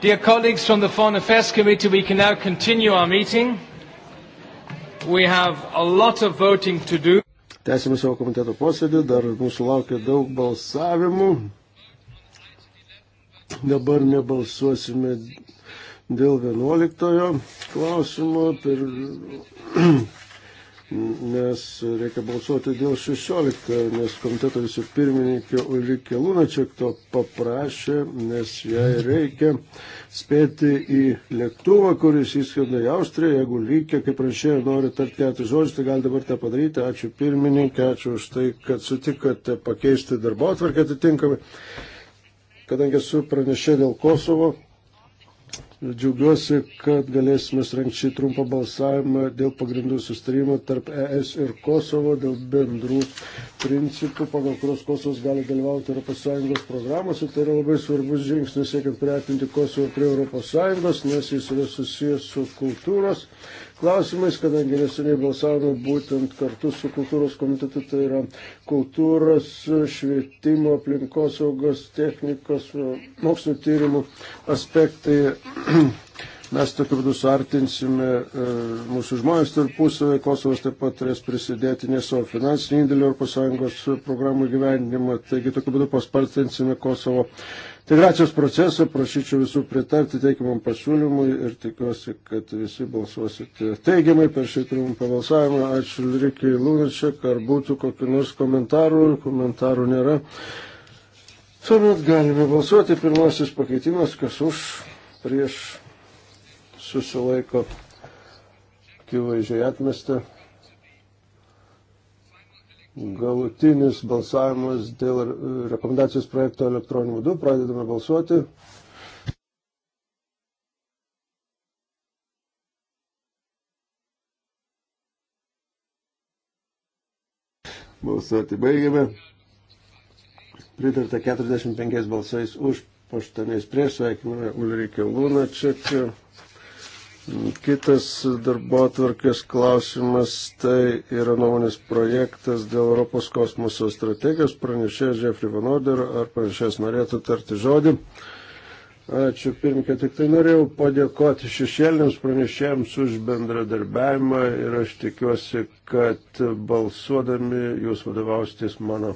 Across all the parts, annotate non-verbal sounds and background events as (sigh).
Dear colleagues from the Foreign Affairs Committee, we can now continue our meeting. We have a lot of voting to do. Tęsime savo komiteto posėdį, dar mūsų laukia daug balsavimų. Dabar nebalsuosime dėl 11 klausimo. Per... (clears throat) nes reikia balsuoti dėl 16, nes komiteto visų pirmininkė Ulrike Lunačiak to paprašė, nes jai reikia spėti į lėktuvą, kuris įskrenda į Austriją. Jeigu Ulrike, kaip rašė, nori tarti keturis žodžius, tai gali dabar tą padaryti. Ačiū pirmininkė, ačiū už tai, kad sutikote pakeisti darbo atvarkę atitinkamai. Kadangi esu pranešė dėl Kosovo, Džiaugiuosi, kad galėsime surinkti šį trumpą balsavimą dėl pagrindų sustarimo tarp ES ir Kosovo, dėl bendrų principų, pagal kurios Kosovas gali dalyvauti ES programuose. Tai yra labai svarbus žingsnis siekiant priartinti Kosovą prie ES, nes jis yra susijęs su kultūros klausimais, kadangi neseniai balsavome būtent kartu su kultūros komitetu, tai yra kultūros, švietimo, aplinkosaugos, technikos, mokslinio tyrimų aspektai. (clears throat) Mes tokiu būdu suartinsime e, mūsų žmonės tarpusavį, Kosovas taip pat turės prisidėti ne savo finansinį indėlį Europos Sąjungos programų gyvenimą, taigi tokiu būdu paspartinsime Kosovo integracijos procesą. Prašyčiau visų pritarti teikiamam pasiūlymui ir tikiuosi, kad visi balsuosite teigiamai per šį trumpą balsavimą. Ačiū Lirikiai Lūnačiak, ar būtų kokiu nors komentaru, komentarų nėra. Tuomet galime balsuoti. Pirmasis pakeitimas, kas už, prieš, susilaiko, akivaizdžiai atmesta galutinis balsavimas dėl rekomendacijos projekto elektroniniu būdu. Pradedame balsuoti. Balsuoti baigėme. Pritarta 45 balsais už, 8 prieš, sveikiname Ulrike Lunačiak. Kitas darbo atvarkės klausimas tai yra nuomonės projektas dėl Europos kosmoso strategijos. Pranešėjas Jeffrey Van Oder, ar pranešėjas norėtų tarti žodį. Ačiū pirmininkė, tik tai norėjau padėkoti šešėliniams pranešėjams už bendradarbiavimą ir aš tikiuosi, kad balsuodami jūs vadovausitės mano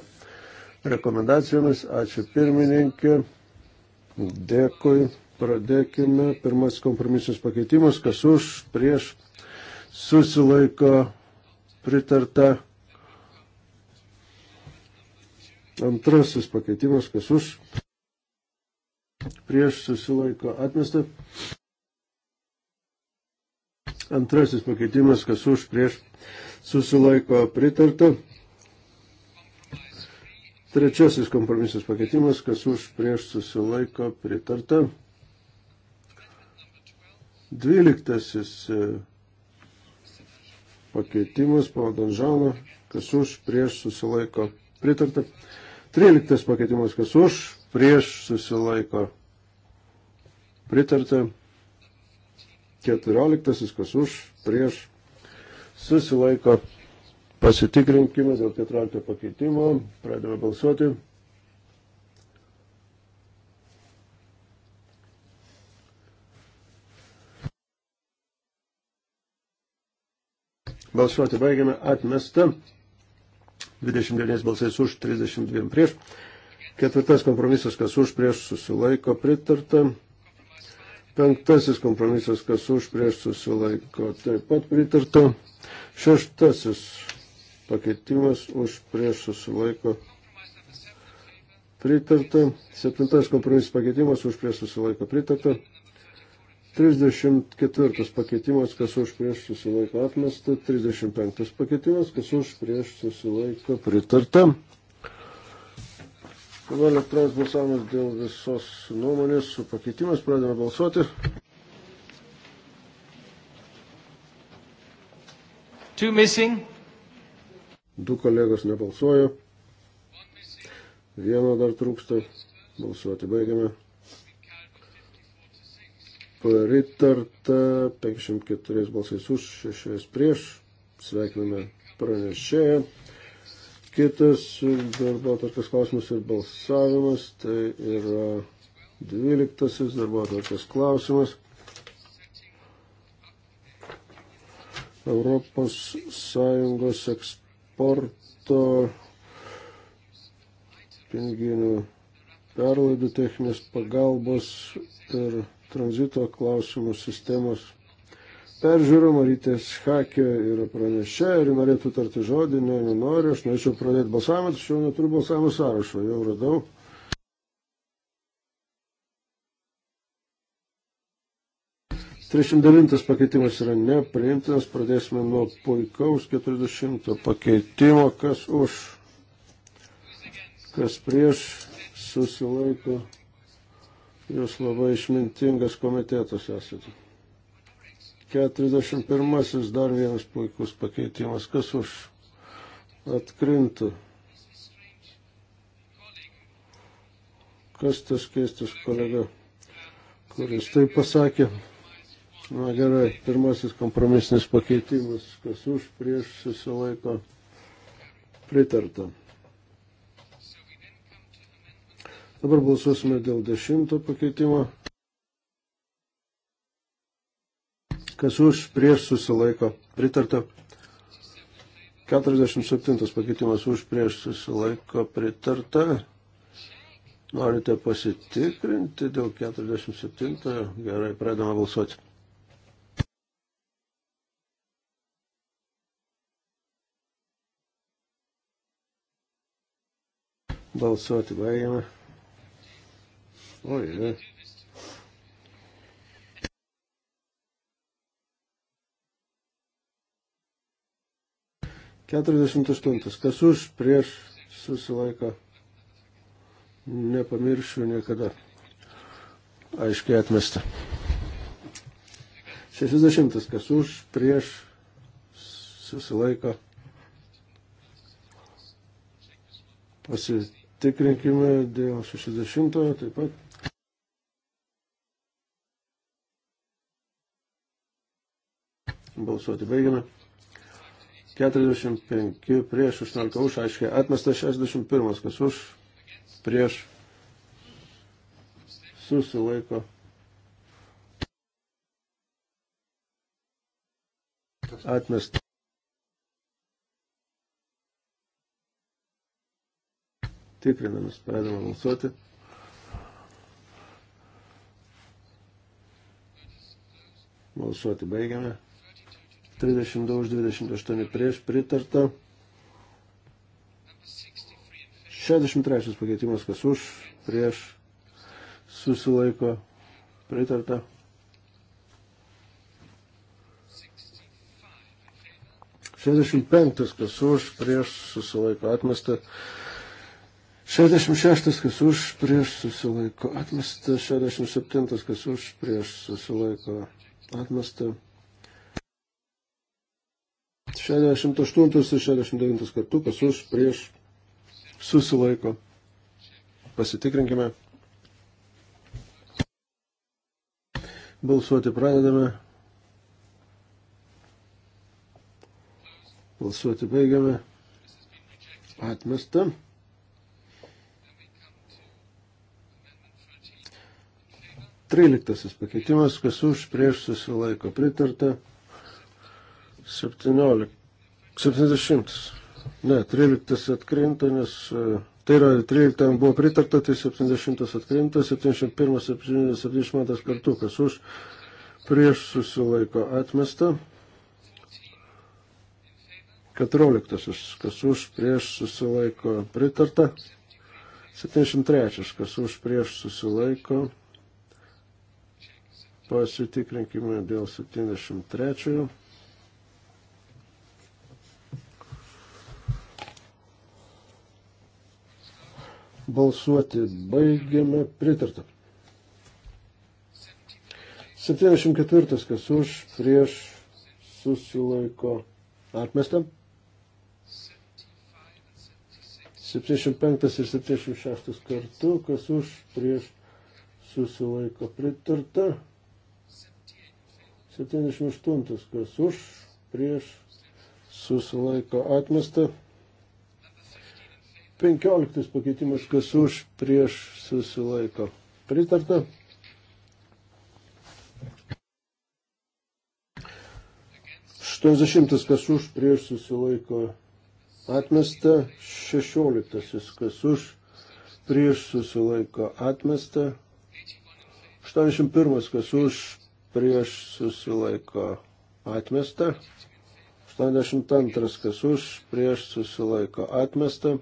rekomendacijomis. Ačiū pirmininkė. Dėkui. Pradėkime. Pirmasis kompromisinis pakeitimas, kas už, prieš, susilaiko, pritarta. Antrasis pakeitimas, kas už, prieš, susilaiko, atmesta. Antrasis pakeitimas, kas už, prieš, susilaiko, pritarta. Trečiasis kompromisas pakeitimas, kas už prieš susilaiko pritarta. Dvyliktasis e, pakeitimas, pavadanžalą, kas už, prieš susilaiko pritarta. Tryliktas pakeitimas, kas už, prieš susilaiko pritarta. Keturioliktasis, kas už, prieš susilaiko pasitikrinkime dėl keturiolikto pakeitimo. Pradėjome balsuoti. Balsuoti baigiame. Atmesta. 29 balsais už, 32 prieš. Ketvirtas kompromisas, kas už, prieš susilaiko, pritarta. Penktasis kompromisas, kas už, prieš susilaiko, taip pat pritarta. Šeštasis pakeitimas už, prieš susilaiko, pritarta. Septintas kompromisas pakeitimas už, prieš susilaiko, pritarta. 34 pakeitimas, kas už prieš susilaiko atmesta, 35 pakeitimas, kas už prieš susilaiko pritarta. Dabar elektroninis balsavimas dėl visos nuomonės su pakeitimas, pradedame balsuoti. Two missing. Du kolegos nebalsuoja. Vieno dar trūksta. Balsuoti baigiame pritarta 54 balsais už, 6 prieš. Sveikiname pranešėją. Kitas darbo atvarkės klausimas ir balsavimas, tai yra 12 darbo atvarkės klausimas. Europos Sąjungos eksporto piniginių perlaidų techninės pagalbos ir tranzito klausimų sistemos peržiūrą. Marytės Hakė yra pranešė ir norėtų tarti žodį, ne, nenoriu. Aš norėčiau pradėti balsavimą, tačiau neturiu balsavimo sąrašo, jau radau. Trisdešimt devintas pakeitimas yra nepriimtinas, pradėsime nuo puikaus keturiasdešimto pakeitimo, kas už, kas prieš, susilaiko Jūs labai išmintingas komitetas esate. 41. Dar vienas puikus pakeitimas. Kas už? Atkrinta. Kas tas keistas kolega, kuris tai pasakė? Na gerai, pirmasis kompromisinis pakeitimas. Kas už prieš susilaiko pritartam. Dabar balsuosime dėl dešimto pakeitimo. Kas už prieš susilaiko? Pritarta. 47 pakeitimas už prieš susilaiko pritarta. Norite pasitikrinti dėl 47. Gerai, pradame balsuoti. Balsuoti baigiame. Oi, Keturiasdešimt aštuntas. Kas už prieš susilaiko nepamiršiu niekada. Aiškiai atmesta. Šešisdešimtas. Kas už prieš susilaiko pasitikrinkime dėl 60-ojo taip pat. balsuoti. Baigiame. 45 prieš 18 už, aiškiai, atmestas 61, kas už, prieš, susilaiko. Atmestas. Tikrinamas, pradedame balsuoti. Balsuoti baigiame. 32 už 28 prieš pritarta. 63 pakeitimas, kas už, prieš, susilaiko, pritarta. 65 kas už, prieš, susilaiko, atmesta. 66 kas už, prieš, susilaiko, atmesta. 67 kas už, prieš, susilaiko, atmesta. 68 ir 69 kartu, kas už, prieš, susilaiko. Pasitikrinkime. Balsuoti pradedame. Balsuoti baigiame. Atmesta. Tryliktasis pakeitimas, kas už prieš susilaiko pritarta. 17 70. Ne, 13 atkrinta, nes e, tai yra 13 buvo pritarta, tai 70 atkrinta, 71, 72 kartu, kas už prieš susilaiko atmesta. 14, kas už prieš susilaiko pritarta. 73, kas už prieš susilaiko. Pasitikrinkime dėl 73. Balsuoti baigiame. Pritarta. 74. Kas už, prieš, susilaiko. Atmesta. 75 ir 76 kartu, kas už prieš susilaiko pritarta. 78 kas už prieš susilaiko atmesta. 15 pakeitimas, kas už, prieš, susilaiko. Pritarta. Aštuoniasdešimtas, kas už, prieš, susilaiko. Atmesta. Šešioliktasis, kas už, prieš, susilaiko. Atmesta. 81, kas už, prieš, susilaiko. Atmesta. 82, kas už, prieš, susilaiko. Atmesta.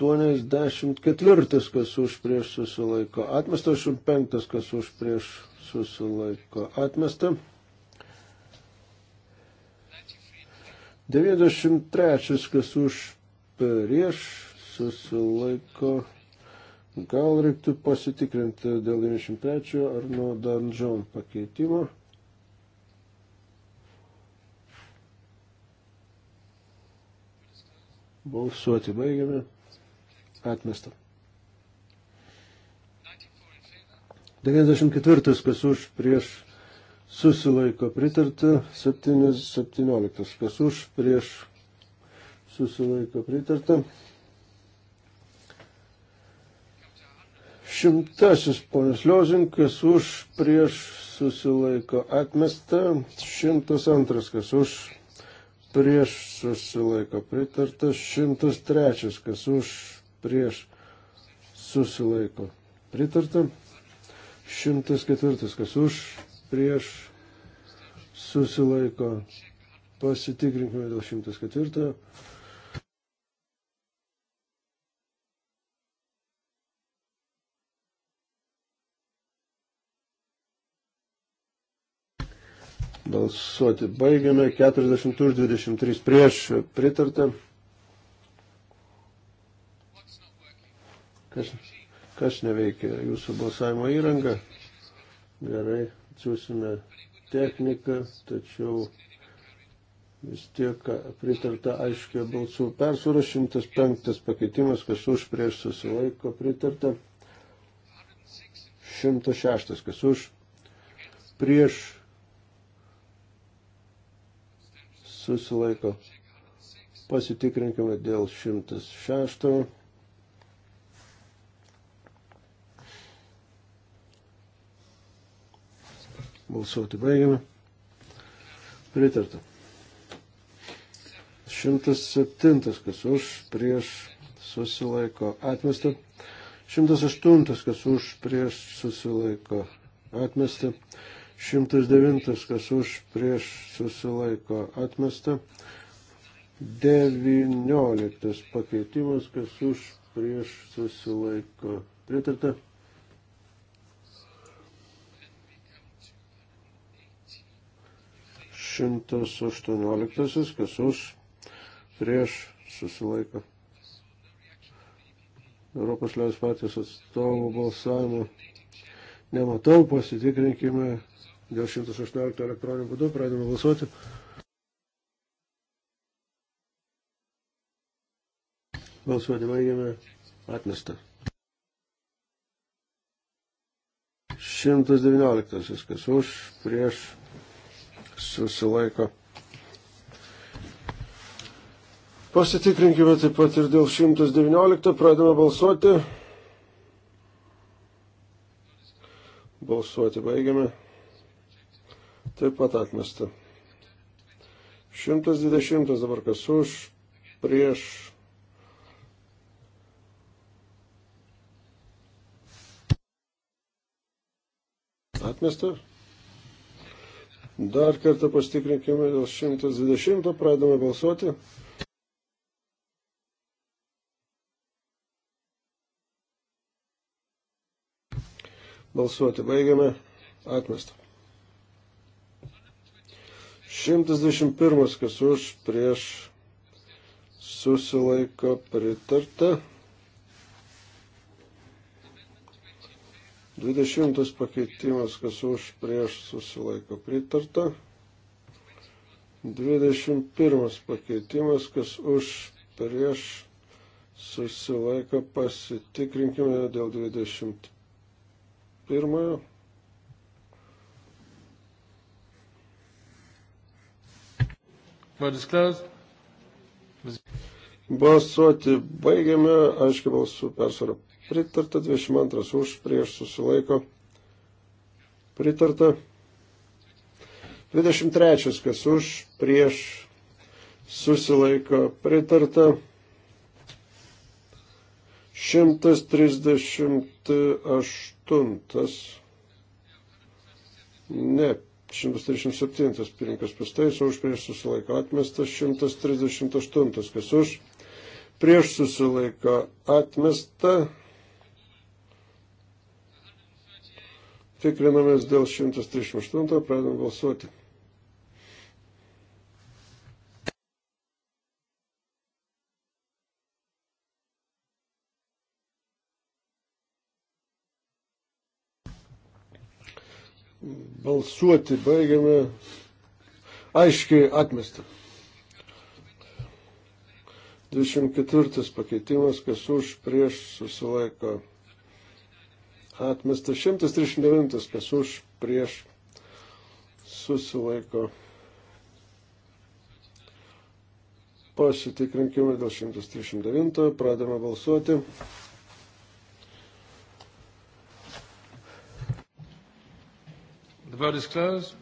84 kas už prieš susilaiko. Atmesta 85 kas už prieš susilaiko. Atmesta. 93 kas už prieš susilaiko. Gal reiktų pasitikrinti dėl 93 ar nuo Danžon pakeitimo. Balsuoti baigiame atmesta. 94, kas už, prieš susilaiko pritarta, 7, 17, kas už, prieš susilaiko pritarta. Šimtasis ponas Liozinkas už, prieš susilaiko atmesta, šimtas antras, kas už, prieš susilaiko pritarta, šimtas trečias, kas už, prieš susilaiko. Pritarta. 104. Kas už prieš susilaiko. Pasitikrinkime dėl 104. Balsuoti baigiame. 40 už 23 prieš pritartą. Kas, kas neveikia jūsų balsavimo įranga? Gerai, atsiūsime techniką, tačiau vis tiek pritarta aiškiai balsų persvara, 105 pakeitimas, kas už prieš susilaiko pritarta, 106 kas už prieš susilaiko. Pasitikrinkime dėl 106. Balsuoti baigiame. Pritarta. 107, kas už, prieš susilaiko atmesta. 108, kas už, prieš susilaiko atmesta. 109, kas už, prieš susilaiko atmesta. 19 pakeitimas, kas už, prieš susilaiko pritarta. 118, kas už, prieš, susilaiko. Europos liaudės partijos atstovų balsavimo nematau, pasitikrinkime dėl 118 elektroninių būdų, pradėjome balsuoti. Balsuoti baigiame atmestą. 119, kas už, prieš, susilaiko. Pasitikrinkime taip pat ir dėl 119, pradame balsuoti. Balsuoti baigiame. Taip pat atmesta. 120 dabar kas už, prieš. Atmesta. Dar kartą pastikrinkime dėl 120, pradame balsuoti. Balsuoti baigiame. Atmesta. 121, kas už, prieš, susilaiko pritarta. 20 pakeitimas, kas už prieš susilaiko pritarta. 21 pakeitimas, kas už prieš susilaiko pasitikrinkime dėl 21. Vote is closed. Balsuoti baigiame, aiškiai balsų persvarą pritarta, 22 už, prieš susilaiko, pritarta, 23 kas už, prieš susilaiko, pritarta, 138, ne, 137 pirinkas pastaiso, už prieš susilaiko atmestas, 138 kas už, prieš susilaiko atmesta, Tikrinamės dėl 138, pradedam balsuoti. Balsuoti baigiame. Aiškiai atmestą. 24 pakeitimas, kas už prieš susilaiko atmestas 139, kas už prieš susilaiko. Pasitikrinkime dėl 139, pradame balsuoti. The vote is closed.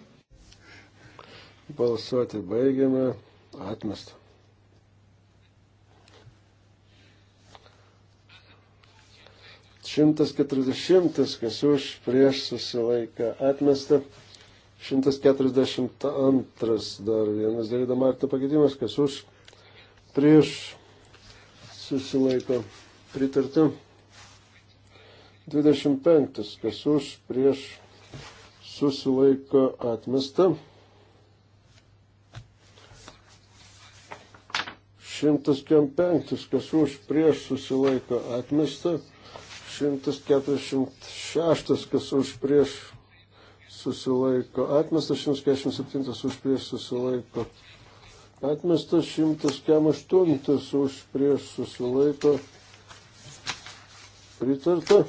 Balsuoti baigiame. Atmestą. 140, kas už, prieš susilaiką atmesta. 142 dar vienas Davido Martino pakeitimas, kas už, prieš susilaiko pritarti. 25, kas už, prieš susilaiko atmesta. 105, kas už prieš susilaiko atmesta, 146, kas už prieš susilaiko. Atmestas 147 už prieš susilaiko. Atmestas 148 už prieš susilaiko. Pritarta.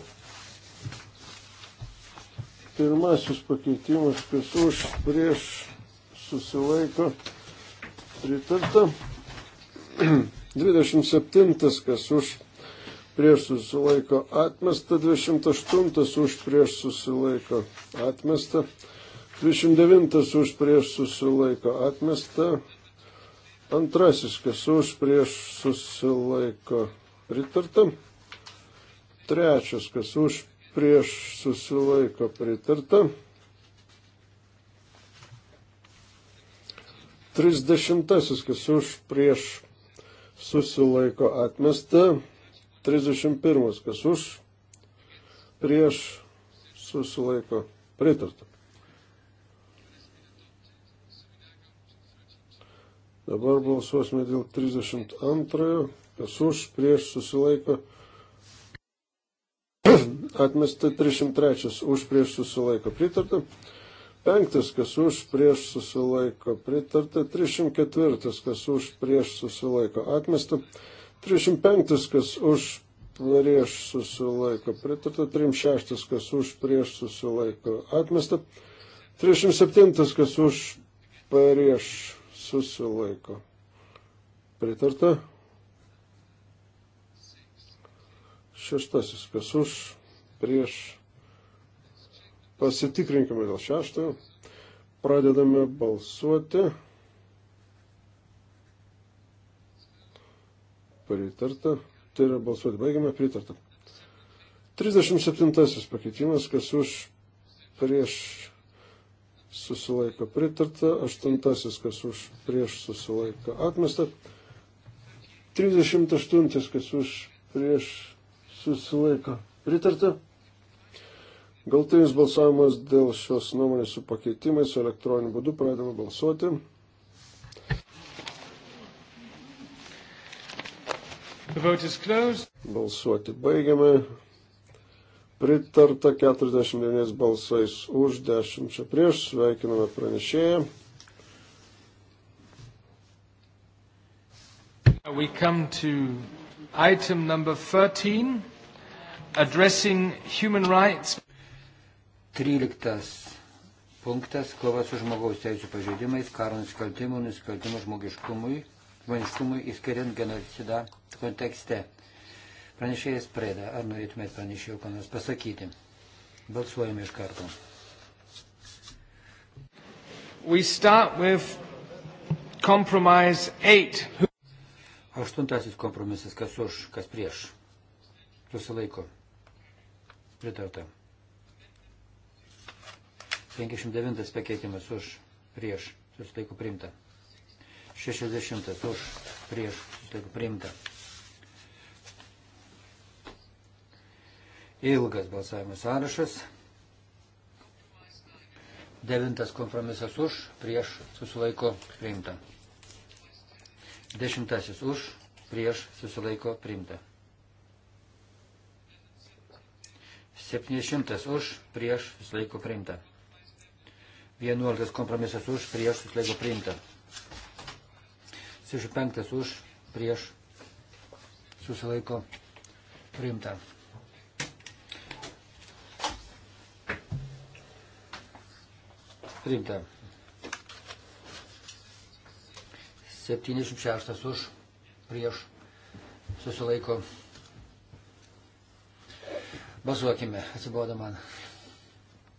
Pirmasis pakeitimas, kas už prieš susilaiko. Pritarta. 27, (clears throat) kas už prieš susilaiko atmesta, 208 už prieš susilaiko atmesta, 209 už prieš susilaiko atmesta, antrasis, kas už prieš susilaiko pritarta, trečias, kas už prieš susilaiko pritarta, 30, kas už prieš susilaiko atmesta, 31. Kas už, prieš, susilaiko, pritarta. Dabar balsuosime dėl 32. Kas už, prieš, susilaiko, (clears throat) atmesta 303. Už, prieš, susilaiko, pritarta. Penktas, kas už prieš susilaiko, pritarta. 304, kas už prieš susilaiko, atmesta. 35, kas už prieš susilaiko. Pritarta 36, kas už prieš susilaiko. Atmesta 37, kas už prieš susilaiko. Pritarta. Šeštasis, kas už prieš. Pasitikrinkime dėl šeštojo. Pradedame balsuoti. pritarta. Tai yra balsuoti baigiame, pritarta. 37 pakeitimas, kas už prieš susilaiko pritarta, 8 kas už prieš susilaiko atmesta, 38 kas už prieš susilaiko pritarta. Galtinis balsavimas dėl šios nuomonės su pakeitimais elektroniniu būdu pradedama balsuoti. Balsuoti baigiame. Pritarta 49 balsais už 10 čia prieš. Sveikiname pranešėją. We come to item number 13, addressing human rights. 13 punktas - kova su žmogaus teisų pažeidimais, karo nusikaltimų, nusikaltimų žmogiškumui, žmoniškumui, įskiriant genocidą kontekste. Pranešėjas Preda, ar norėtumėt pranešėjo ką nors pasakyti? Balsuojame iš karto. We start with compromise 8. Aštuntasis kompromisas, kas už, kas prieš. Susilaiko. Pritarta. 59 pakeitimas už, prieš. Susilaiko priimta. 60 už, prieš. Susilaiko priimta. Ilgas balsavimo sąrašas. Devintas kompromisas už, prieš susilaiko priimta. Dešimtasis už, prieš susilaiko priimta. Septynišimtas už, prieš susilaiko priimta. Vienuoliktas kompromisas už, prieš susilaiko priimta. 75 už, prieš susilaiko priimta. Priimta. 76 už, prieš, susilaiko. Balsuokime, atsibodo man.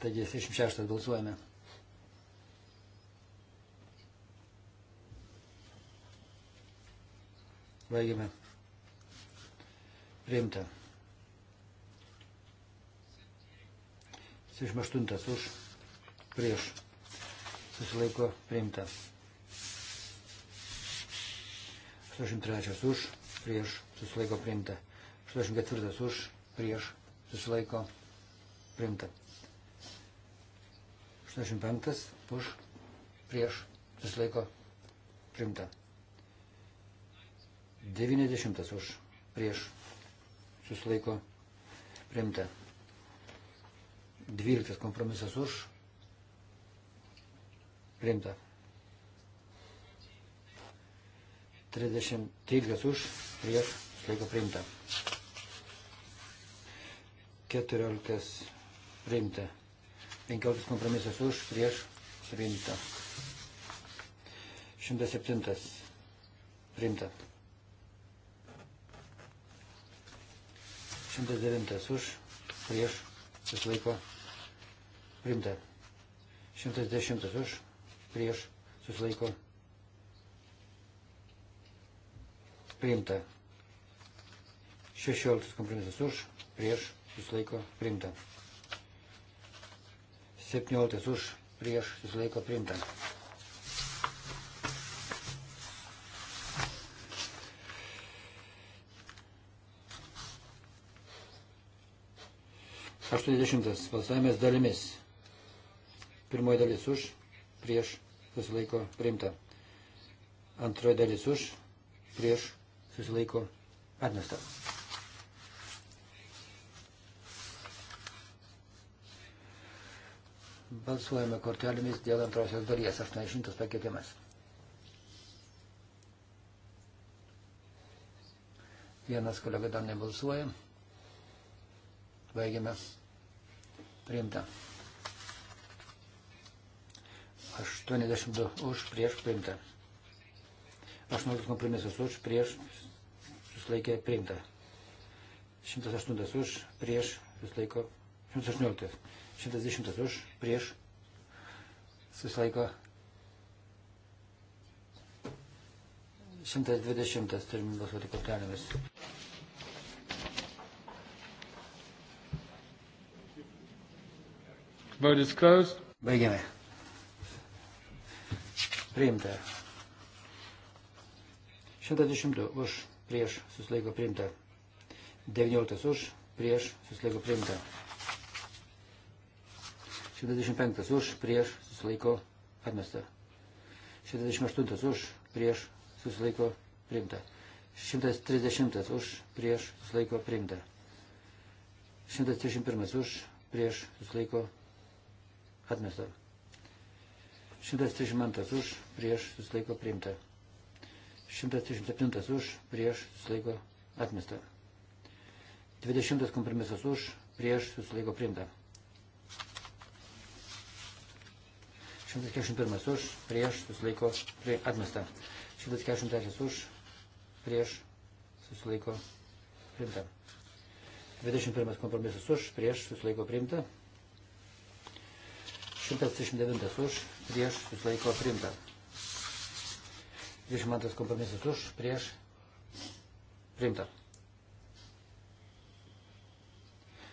Taigi 76 balsuojame. Baigime. Priimta. 78 už prieš susilaiko priimta. 83 už, prieš susilaiko priimta. 84 už, prieš susilaiko priimta. 85 už, prieš susilaiko priimta. 90 už, prieš susilaiko priimta. 12 kompromisas už, Priimta. 30, 13 už, prieš, laiko priimta. 14 priimta. 15 kompromisas už, prieš, priimta. 107 priimta. 109 už, prieš, susilaiko priimta. 110 už, prieš susilaiko priimta. 16 kompromisas už, prieš susilaiko priimta. 17 už, prieš susilaiko priimta. Aštuoniasdešimtas balsavimas dalimis. Pirmoji dalis už, prieš susilaiko priimta. Antroji dalis už, prieš, susilaiko atmesta. Balsuojame kortelėmis dėl antrosios dalies, 800 pakeitimas. Vienas kolega dar nebalsuoja. Baigiame. Priimta. 82 už prieš priimta. 18 kompromisas už prieš susilaikė priimta. 108 už prieš susilaiko 118. 110 už prieš susilaiko 120 turim balsuoti kortelėmis. Vote is closed. Baigiame priimta. 110 už prieš susilaiko priimta. 19 už prieš susilaiko priimta. 125 už prieš susilaiko atmesta. 128 už prieš susilaiko priimta. 130 už prieš susilaiko priimta. 131 už prieš susilaiko atmesta. 132 už, prieš susilaiko priimta. 137 už, prieš susilaiko atmesta. 20 kompromisas už, prieš susilaiko priimta. 141 už, prieš susilaiko prie atmesta. 143 už, prieš susilaiko priimta. 21 kompromisas už, prieš susilaiko priimta. 139 už, prieš susilaiko priimta. 22 kompromisas už, prieš priimta.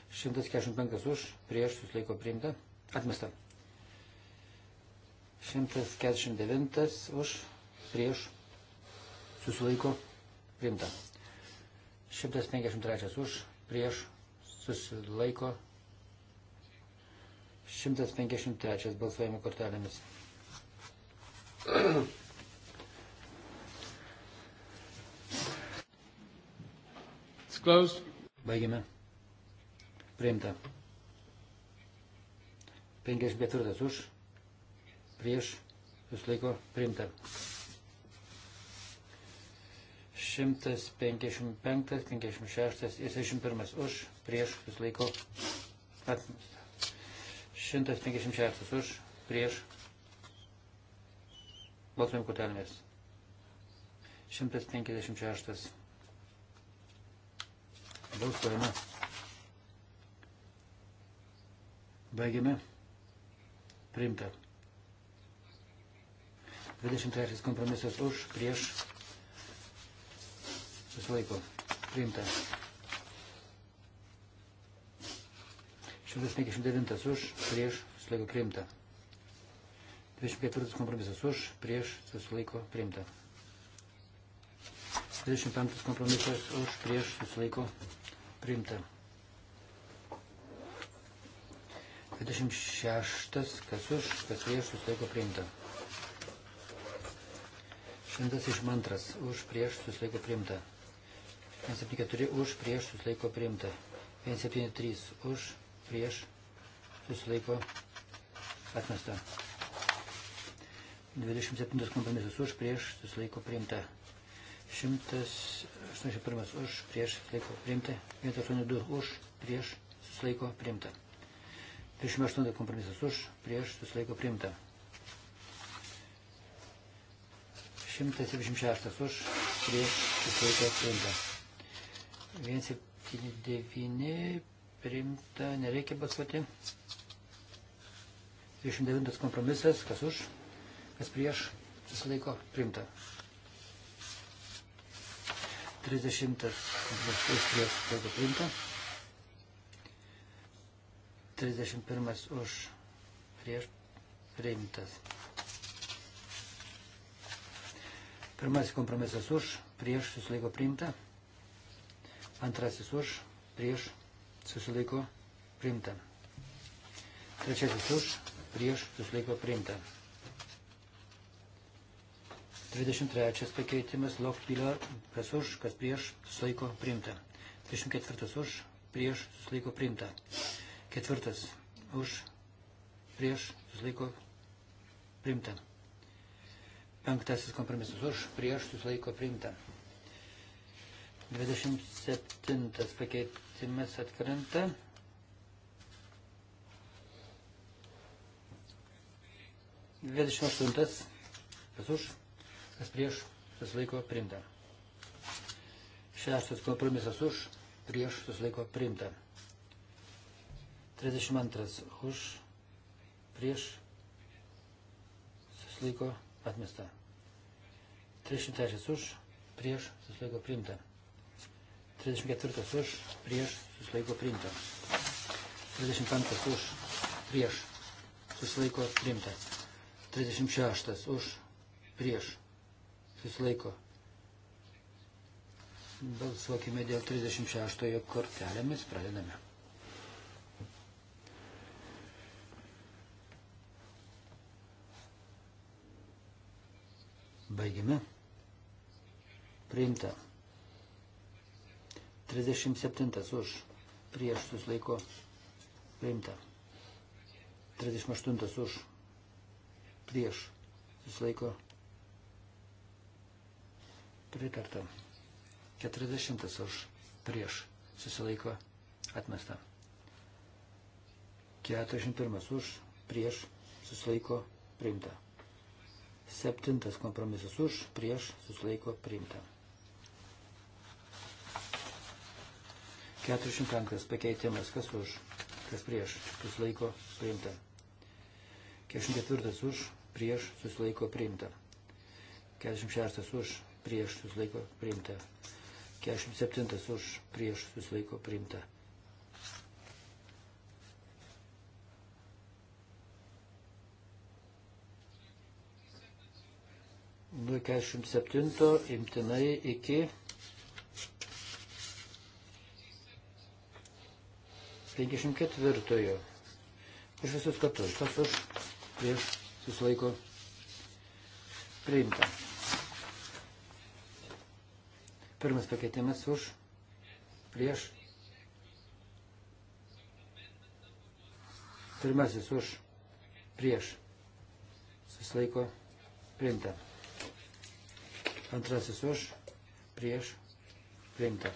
145 už, prieš susilaiko priimta, atmesta. 149 už, prieš susilaiko priimta. 153 už, prieš susilaiko priimta 153 balsuojimo kortelėmis. Baigiame. Priimta. 54 už, prieš, jūs laiko priimta. 155, 56 ir 61 už, prieš, jūs laiko atmestas. 156 už, prieš, balsuojam kutelmės. 156. Balsuojame. Baigiame. Priimta. 23 kompromisas už, prieš, susilaiko. Priimta. 159 už, prieš, susilaiko priimta. 24 kompromisas už, prieš, susilaiko priimta. 25 kompromisas už, prieš, susilaiko priimta. 26, kas už, kas prieš, susilaiko priimta. 102 už, prieš, susilaiko priimta. 174 už, prieš, susilaiko priimta. 173 už, prieš susilaiko atmesta. 27 kompromisas už prieš susilaiko priimta. 181 už prieš susilaiko priimta. 182 už prieš susilaiko priimta. 38 kompromisas už prieš susilaiko priimta. 176 už prieš susilaiko priimta. 179 priimta, nereikia balsuoti. 29 kompromisas, kas už, kas prieš, susilaiko, priimta. 30 kompromisas prieš, susilaiko, priimta. 31 už, prieš, priimtas. Pirmasis kompromisas už, prieš, susilaiko, priimta. Antrasis už, prieš, susilaiko priimta. Trečiasis už, prieš susilaiko priimta. 33 pakeitimas, lokpilio, kas už, kas prieš, susilaiko priimta. 34 už, prieš susilaiko priimta. Ketvirtas už, prieš susilaiko priimta. Penktasis kompromisas už, prieš susilaiko priimta. 27 pakeitimas pakeitimas atkrenta. Dvidešimt aštuntas, kas už, kas prieš, susilaiko priimta. Šeštas kompromisas už, prieš, susilaiko priimta. 32 už, prieš, susilaiko atmesta. 33 už, prieš, susilaiko priimta. 34 už, prieš, susilaiko priimta. 35 už, prieš, susilaiko priimta. 36 už, prieš, susilaiko. Balsuokime dėl 36 kortelėmis, pradedame. Baigime. Priimta. 37 už prieš susilaiko priimta. 38 už prieš susilaiko pritarta. 40 už prieš susilaiko atmesta. 41 už prieš susilaiko priimta. 7 kompromisas už prieš susilaiko priimta. 405 pakeitimas, kas už, kas prieš, susilaiko priimta. 44 už, prieš, susilaiko priimta. 46 už, prieš, susilaiko priimta. 47 už, prieš, susilaiko priimta. Nuo 47 imtinai iki 54. Už visus kartus. Kas už prieš susilaiko priimta. Pirmas pakeitimas už prieš. Pirmasis už prieš susilaiko priimta. Antrasis už prieš priimta.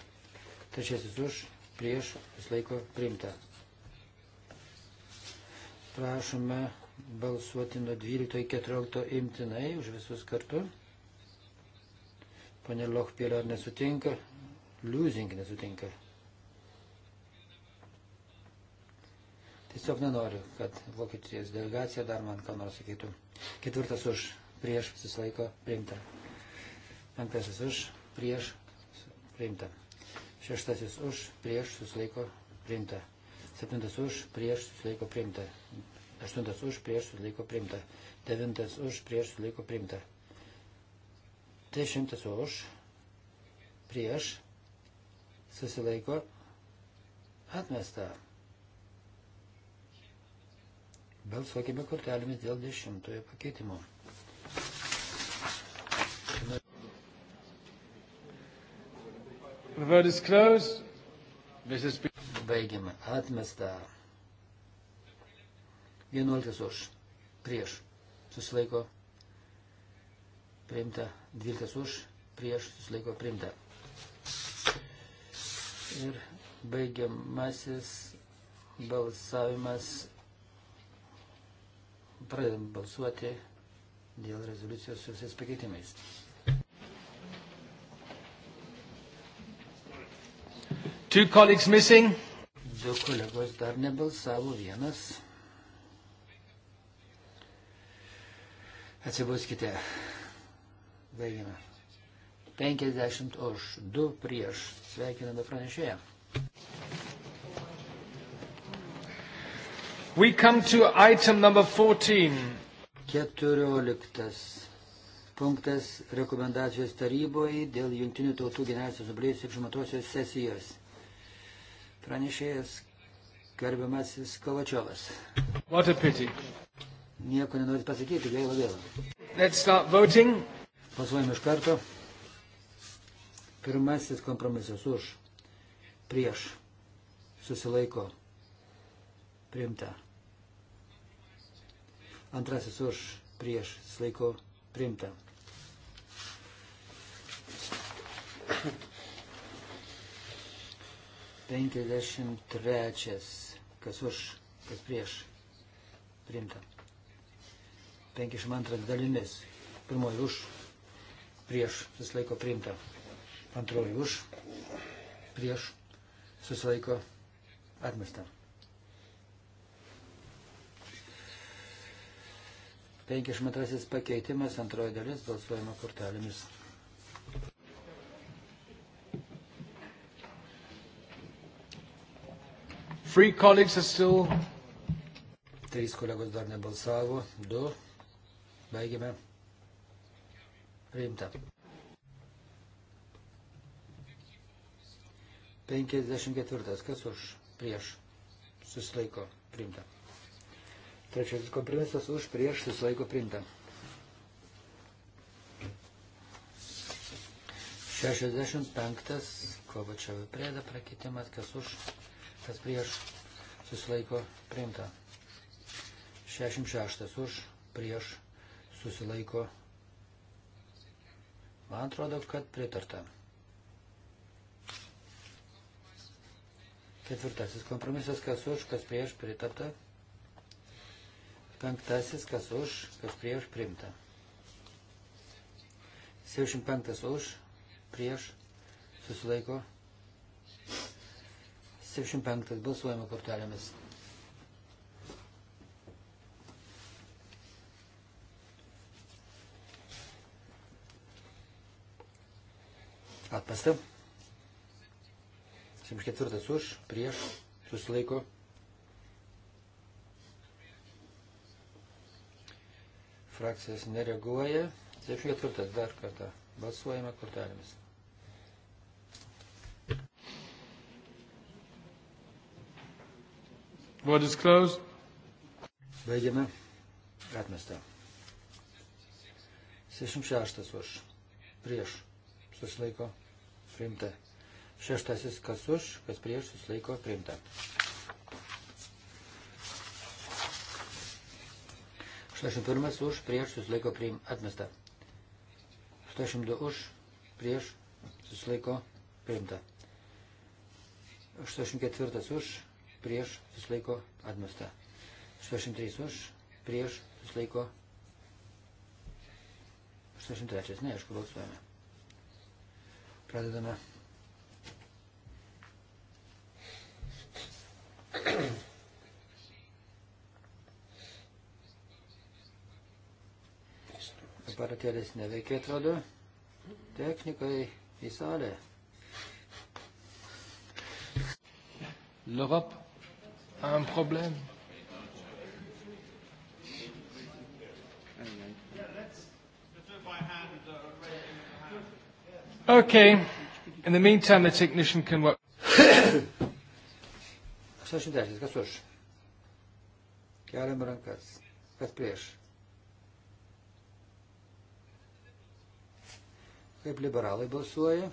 Trečiasis už prieš prieš susilaiko priimta. Prašome balsuoti nuo 12.14 imtinai už visus kartu. Pane Lochpėlė ar nesutinka? Liūzink nesutinka. Tiesiog nenoriu, kad Vokietijos delegacija dar man ką nors sakytų. Ketvirtas už prieš susilaiko priimta. Penktasis už prieš priimta. Šeštasis už, prieš, susilaiko priimta. Septintas už, prieš, susilaiko priimta. Aštuntas už, prieš, susilaiko priimta. Devintas už, prieš, susilaiko priimta. Dešimtas už, prieš, susilaiko atmesta. Balsuokime kortelėmis dėl dešimtojo pakeitimo. The vote is closed. Mrs. B. Baigiame. Atmesta. 11 už. Prieš. Susilaiko. Priimta. 12 už. Prieš. Susilaiko. Priimta. Ir baigiamasis balsavimas. Pradedam balsuoti dėl rezoliucijos su visais pakeitimais. Two colleagues missing. Du kolegos dar nebalsavo vienas. Atsibuskite. Baigime. 50 už, 2 prieš. Sveikiname pranešėją. We come to item number 14. 14 punktas rekomendacijos taryboje dėl Junktinių tautų generacijos asamblėjos ir žmatosios sesijos. Pranešėjas gerbiamasis Kovačiovas. What a pity. Nieko nenorit pasakyti, gaila vėl. Let's start voting. Pasuojame iš karto. Pirmasis kompromisas už, prieš, susilaiko, priimta. Antrasis už, prieš, susilaiko, priimta. 53. Kas už, kas prieš. Primta. 52 dalimis. Pirmoji už, prieš, susilaiko primta. Antroji už, prieš, susilaiko atmesta. 52 pakeitimas, antroji dalis, balsuojama kortelėmis. Three colleagues are still. Trys kolegos dar nebalsavo, du. Baigėme. Priimta. 54. Kas už? Prieš. Susilaiko. Priimta. Trečiasis kompromisas už prieš susilaiko priimta. 65. Kovačiavo priedą prakitimas. Kas už? kas prieš susilaiko priimta. 66 už prieš susilaiko. Man atrodo, kad pritarta. Ketvirtasis kompromisas, kas už, kas prieš pritarta. Penktasis, kas už, kas prieš priimta. 75 už, prieš susilaiko priimta. 75 balsuojame kortelėmis. Atmesta. 74 už, prieš, susilaiko. Frakcijas nereaguoja. 74 dar kartą. Balsuojame kortelėmis. Vote is closed. Baigiame. Atmesta. 66 už. Prieš. Susilaiko. Priimta. Šeštasis kas už, kas prieš, susilaiko. Priimta. 81 už, prieš, susilaiko. Priim. Atmesta. 82 už, prieš, susilaiko. Priimta. 84 už, prieš susilaiko atmesta. 83 už, prieš susilaiko 83, neaišku, balsuojame. Pradedame. Aparatėlis neveikia, atrodo. Technikai į salę. L'Europe un problème. Okay. In the meantime, the technician can work. 80. Kas už? Keliam rankas. Kas prieš? Kaip liberalai balsuoja?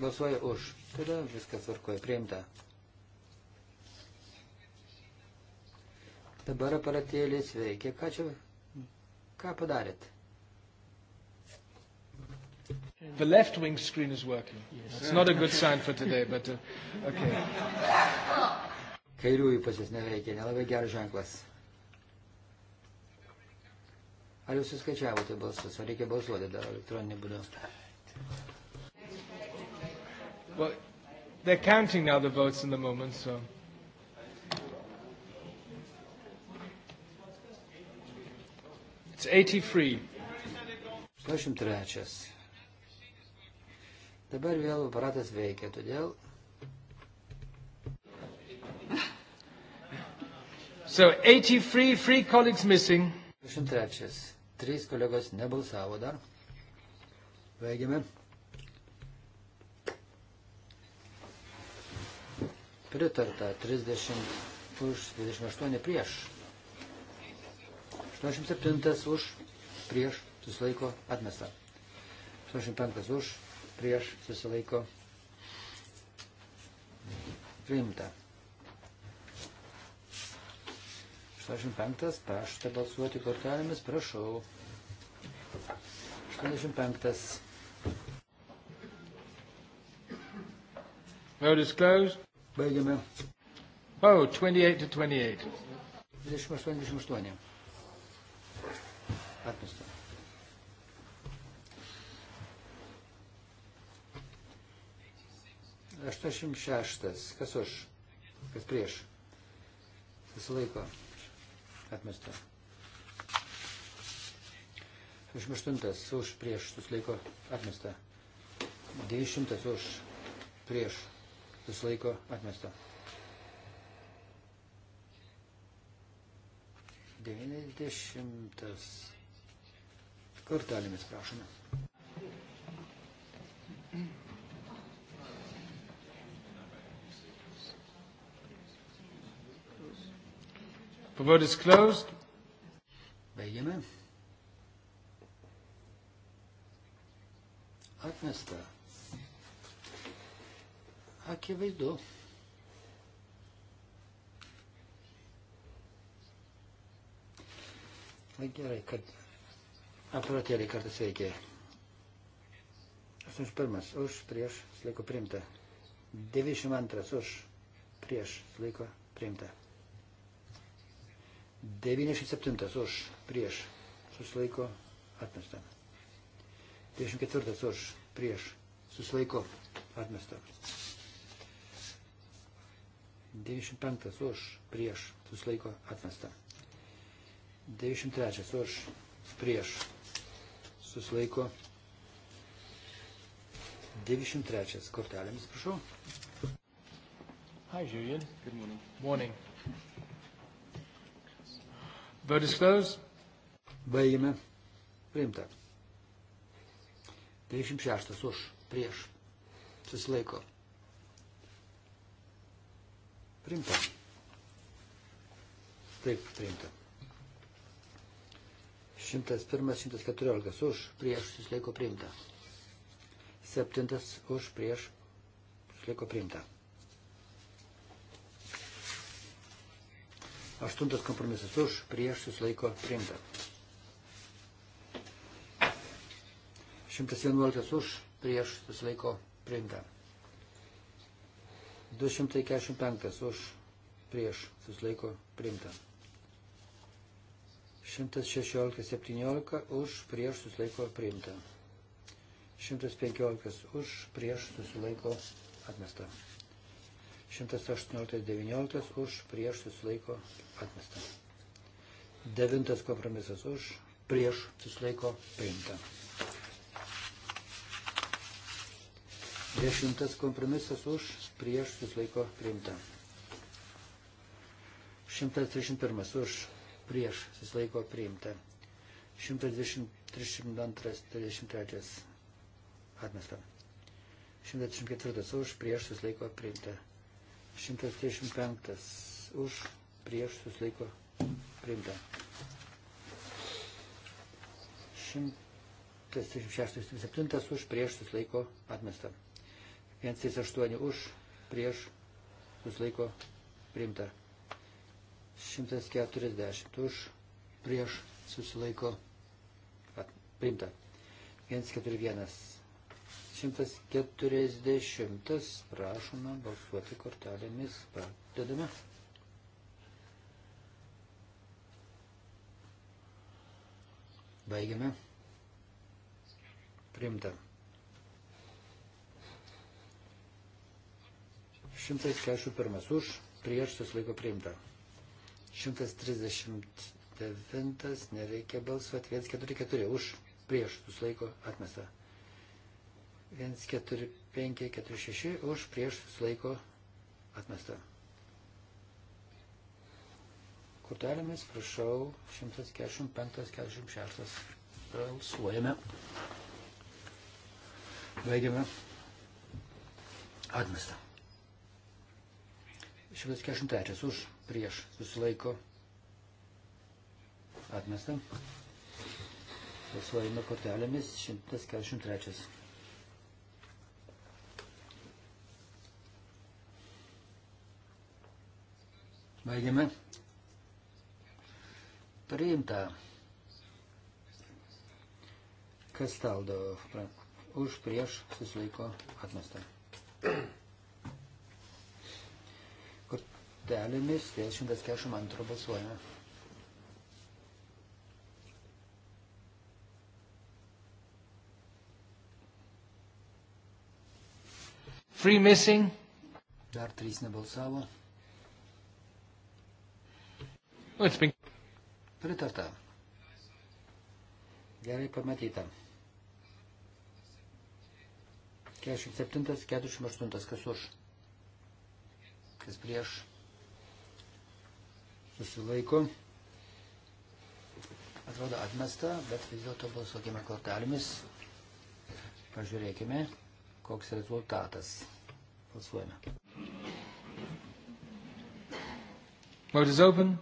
Balsuoja už. Tada viskas tvarkoja. Priimta. Dabar aparatėlis veikia. Ką čia? Ką padarėt? The left wing screen is working. Yes. It's not a good sign for today, but uh, okay. Kairiųjų pusės neveikia, nelabai geras ženklas. Ar jūs suskaičiavote balsus, ar reikia balsuoti dar elektroninį būdą? Well, they're counting now the votes in the moment, so. It's 83. 83. Dabar vėl aparatas veikia, todėl. So 83, three colleagues missing. 23. Trys kolegos nebalsavo dar. Baigiame. Pritarta 30 už 28 prieš. 87 už, prieš, susilaiko, atmesta. 85 už, prieš, susilaiko, priimta. 85, prašote balsuoti kortelėmis, prašau. 85. Vote is closed. Baigiame. Oh, 28 to 28. 28, 28. Atmesta. Aštuoniasdešimt šeštas. Kas už? Kas prieš? Susilaiko. Atmesta. 28 už prieš susilaiko atmesta. 900 už prieš susilaiko atmesta. 90 Kortelėmis prašome. The vote is closed. Baigiame. Atmesta. Akivaizdu. Na gerai, kad aparatėlį kartais veikia. 81 už, prieš, laiko primta. 92 už, prieš, laiko primta. 97 už, prieš, susilaiko atmesta. 24 už, prieš, susilaiko atmesta. 95 už, prieš, susilaiko atmesta. 93 už, prieš, susilaiko. 93 kortelėmis, prašau. Hi, Julian. Good morning. Morning. Vote is closed. Baigime. Priimta. 36 už, prieš. Susilaiko. Priimta. Taip, priimta. 101-114 už prieš susilaiko priimta. 7 už prieš susilaiko priimta. 8 kompromisas už prieš susilaiko priimta. 111 už prieš susilaiko priimta. 245 už prieš susilaiko priimta. 116-17 už prieš susilaiko priimta. 115 už prieš susilaiko atmesta. 118-19 už prieš susilaiko atmesta. 9 kompromisas už prieš susilaiko priimta. 10 kompromisas už prieš susilaiko priimta. 131 už prieš susilaiko priimta. 132, 33 atmesta. 124 už, prieš susilaiko priimta. 135 už, prieš susilaiko priimta. 136, 137 už, prieš susilaiko atmesta. 138 už, prieš susilaiko priimta. 140 už, prieš susilaiko priimta. 141. 140. Prašome balsuoti kortelėmis. Pradedame. Baigiame. Priimta. 141 už, prieš susilaiko priimta. 139 nereikia balsuoti. 144 už prieš susilaiko atmesta. 14546 už prieš susilaiko atmesta. Kortelėmis prašau 145-46. Balsuojame. Baigiame. Atmesta. 143 už prieš susilaiko atmestam. Balsuojame kortelėmis 143. Baigiame. Priimta. Kas taldo? Už prieš susilaiko atmestą kortelėmis, tai dėl 142 balsuojame. Three missing. Dar trys nebalsavo. Nu, it's been... Pritarta. Gerai pamatyta. 47, 48, kas už, kas prieš susilaiko. Atrodo atmesta, bet vis dėlto balsuokime kortelėmis. Pažiūrėkime, koks rezultatas. Balsuojame. Vote is open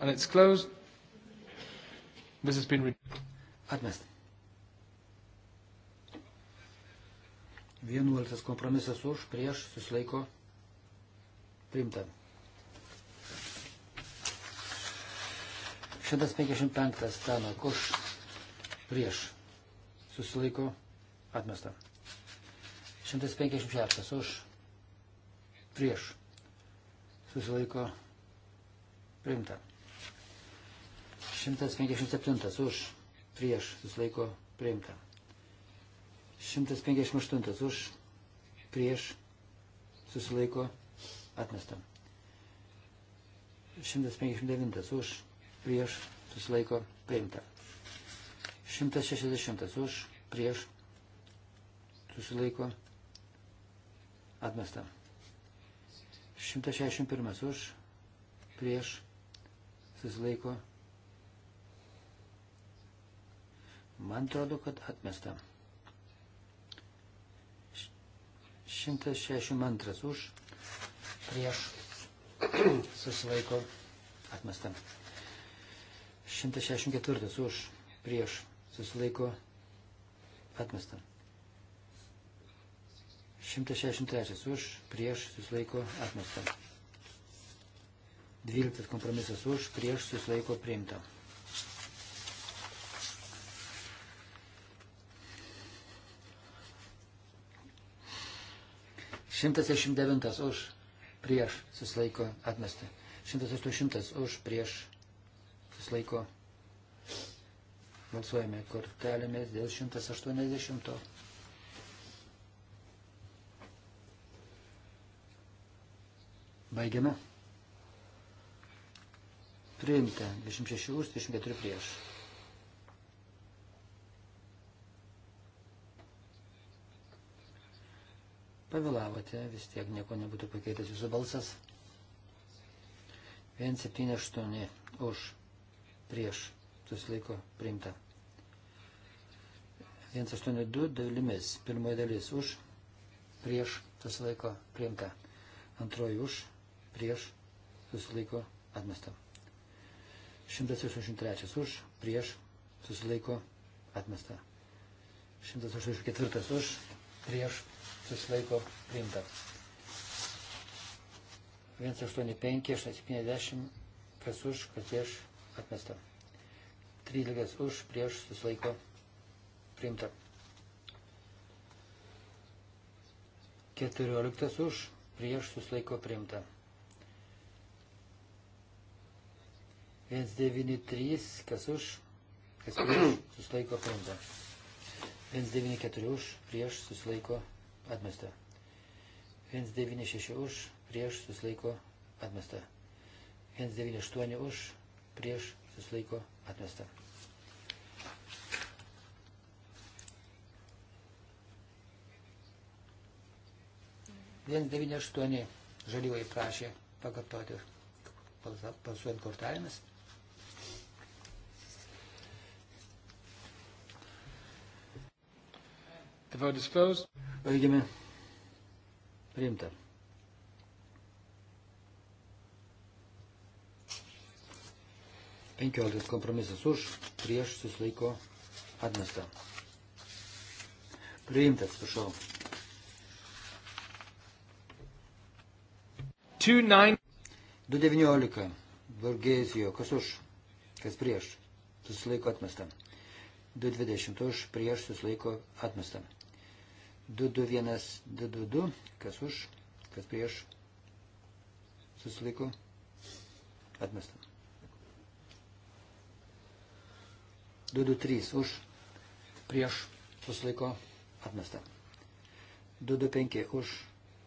and it's closed. This has been atmesta. Vienuoliktas kompromisas už, prieš, susilaiko, priimta. 155 Tanak už prieš susilaiko atmesta. 156 už prieš susilaiko priimta. 157 už prieš susilaiko priimta. 158 už prieš susilaiko atmesta. 159 už prieš susilaiko priimta. 160 už prieš susilaiko atmesta. 161 už prieš susilaiko man atrodo, kad atmesta. 162 už prieš susilaiko atmesta. 164 už prieš susilaiko atmesta. 163 už prieš susilaiko atmesta. 12 kompromisas už prieš susilaiko priimta. 169 už prieš susilaiko atmesti. 180 už prieš susilaiko. Balsuojame kortelėmis dėl 180. Baigiame. Priimta 26 už, 24 prieš. Pavėlavote, vis tiek nieko nebūtų pakeitęs jūsų balsas. 178 už prieš susilaiko priimta. 182 dalimis. Pirmoji dalis už, prieš susilaiko priimta. Antroji už, prieš susilaiko atmesta. 183 už, prieš susilaiko atmesta. 184 už, prieš susilaiko priimta. 185, 170, kas už, kas prieš atmesta. 13 už, prieš, susilaiko, priimta. 14 už, prieš, susilaiko, priimta. 193, kas už, kas prieš, (clears throat) susilaiko, priimta. 194 už, prieš, susilaiko, atmesta. 196 už, prieš, susilaiko, atmesta. 198 už, prieš susilaiko atmesta. Vien 98 žalyvai prašė pakartoti balsuojant kortelėmis. The vote is closed. Baigiame. Priimta. 15 kompromisas už, prieš susilaiko atmesta. Priimtas, prašau. 2.19. Vargėzijo. Kas už? Kas prieš? Susilaiko atmesta. 2.20 už, prieš susilaiko atmesta. 2.21, 2.22. Kas už? Kas prieš? Susilaiko atmesta. 223 už, prieš, susilaiko, atmesta. 225 už,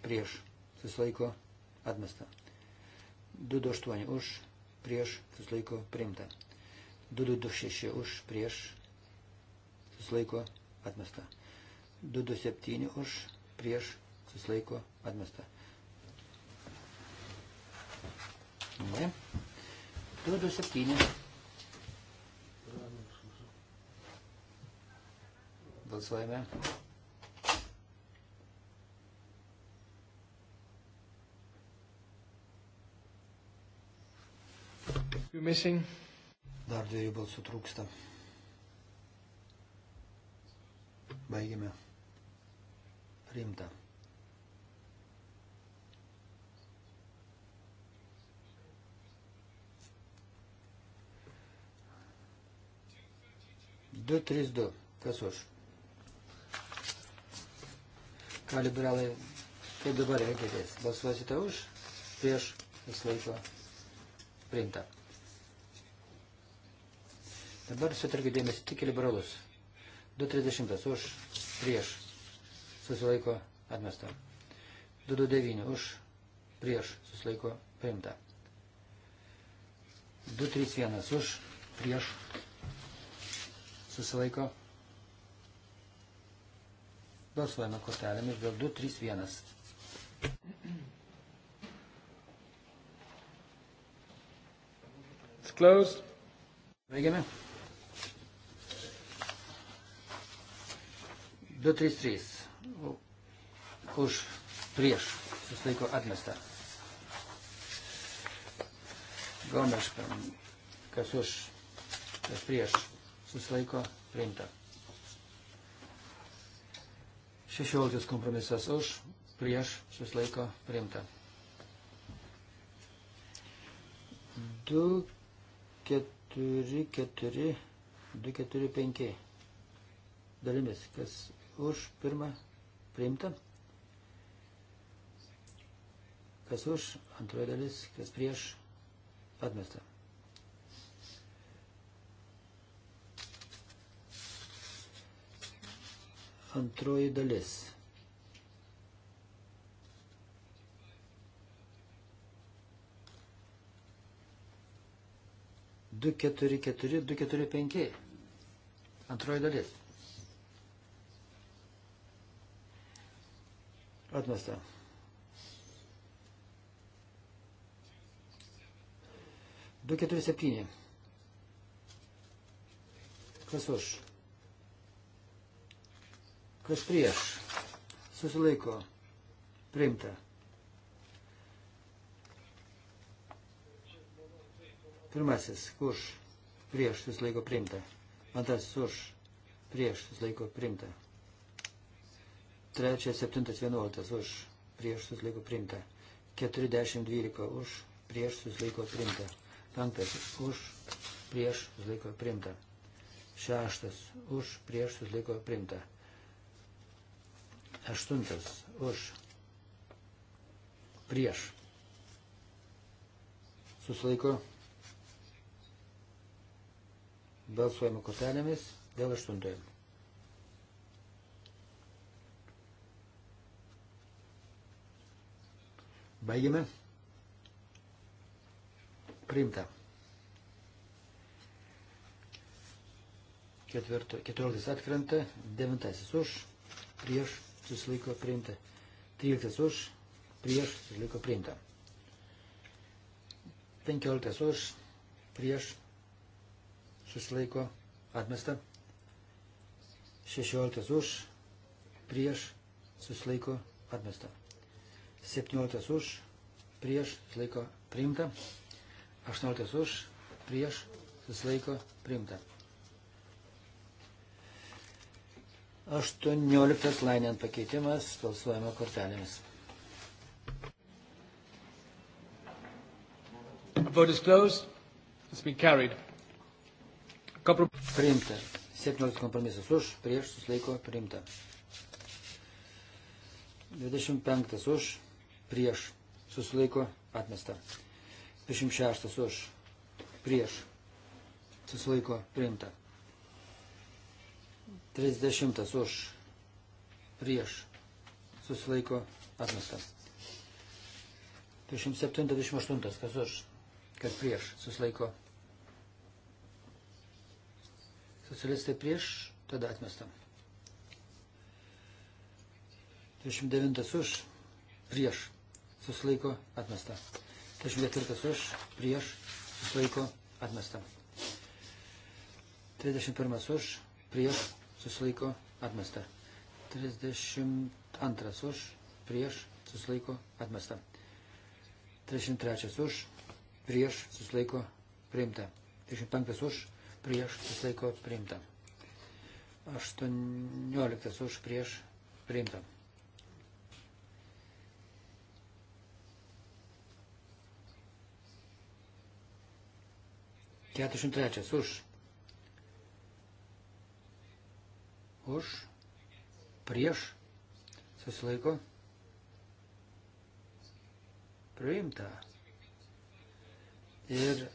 prieš, susilaiko, atmesta. 228 už, prieš, susilaiko, priimta. 226 už, prieš, susilaiko, atmesta. 227 už, prieš, susilaiko, atmesta. Ne. 227 Balsuojame. Dar dviejų balsų trūksta. Baigime. Rimta. Du, trys, du. Kas už? Ką liberalai, kaip dabar elgėtės? Balsuosite už, prieš, išlaiko, priimta. Dabar sutarkiu dėmesį tik į liberalus. 2.30 už, prieš, susilaiko, atmesta. 2.29 už, prieš, susilaiko, priimta. 2.31 už, prieš, susilaiko, atmesta Balsuojame kortelėmis dėl 231. It's closed. Baigiame. 233. Už prieš susilaiko atmesta. Gomeš, kas už, kas prieš susilaiko priimta. 16 kompromisas už, prieš, susilaiko priimta. 2, 4, 4, 2, 4, 5 dalimis, kas už pirmą priimta, kas už antroji dalis, kas prieš atmesta. Antroji dalis. Du keturi keturi, du keturi penki. Antroji dalis. Atmesta. Du keturi septyni. Kas už? kas prieš, susilaiko, priimta. Pirmasis, už, prieš, susilaiko, priimta. Antrasis, už, prieš, susilaiko, priimta. Trečias, septintas, vienuoltas, už, prieš, susilaiko, priimta. Keturidešimt, dvylika, už, prieš, susilaiko, priimta. Penktas, už, prieš, susilaiko, priimta. Šeštas, už, prieš, susilaiko, priimta. Aštuntas už prieš susilaiko balsuojame kortelėmis dėl aštuntojo. Baigiame. Priimta. Ketvirtas atkrenta, devintasis už, prieš susilaiko priimta. 13 už, prieš susilaiko priimta. 15 už, prieš susilaiko atmesta. 16 už, prieš susilaiko atmesta. 17 už, prieš susilaiko priimta. 18 už, prieš susilaiko priimta. 18 lainien pakeitimas, balsuojame kortelėmis. Vote is closed. It's been carried. Priimta. 17 kompromisas už, prieš susilaiko priimta. 25 už, prieš susilaiko atmesta. 26 už, prieš susilaiko priimta. 30 už prieš susilaiko atmestas. 27-28 kas už, kas prieš susilaiko. Socialistai prieš, tada atmestam. 29 už, prieš susilaiko atmesta. 34 už, prieš susilaiko atmesta. 31 už, prieš susilaiko atmesta. 32 už, prieš, susilaiko atmesta. 33 už, prieš, susilaiko priimta. 35 už, prieš, susilaiko priimta. 18 už, prieš, priimta. Keturiasdešimt trečias už už, prieš, susilaiko, priimta. Ir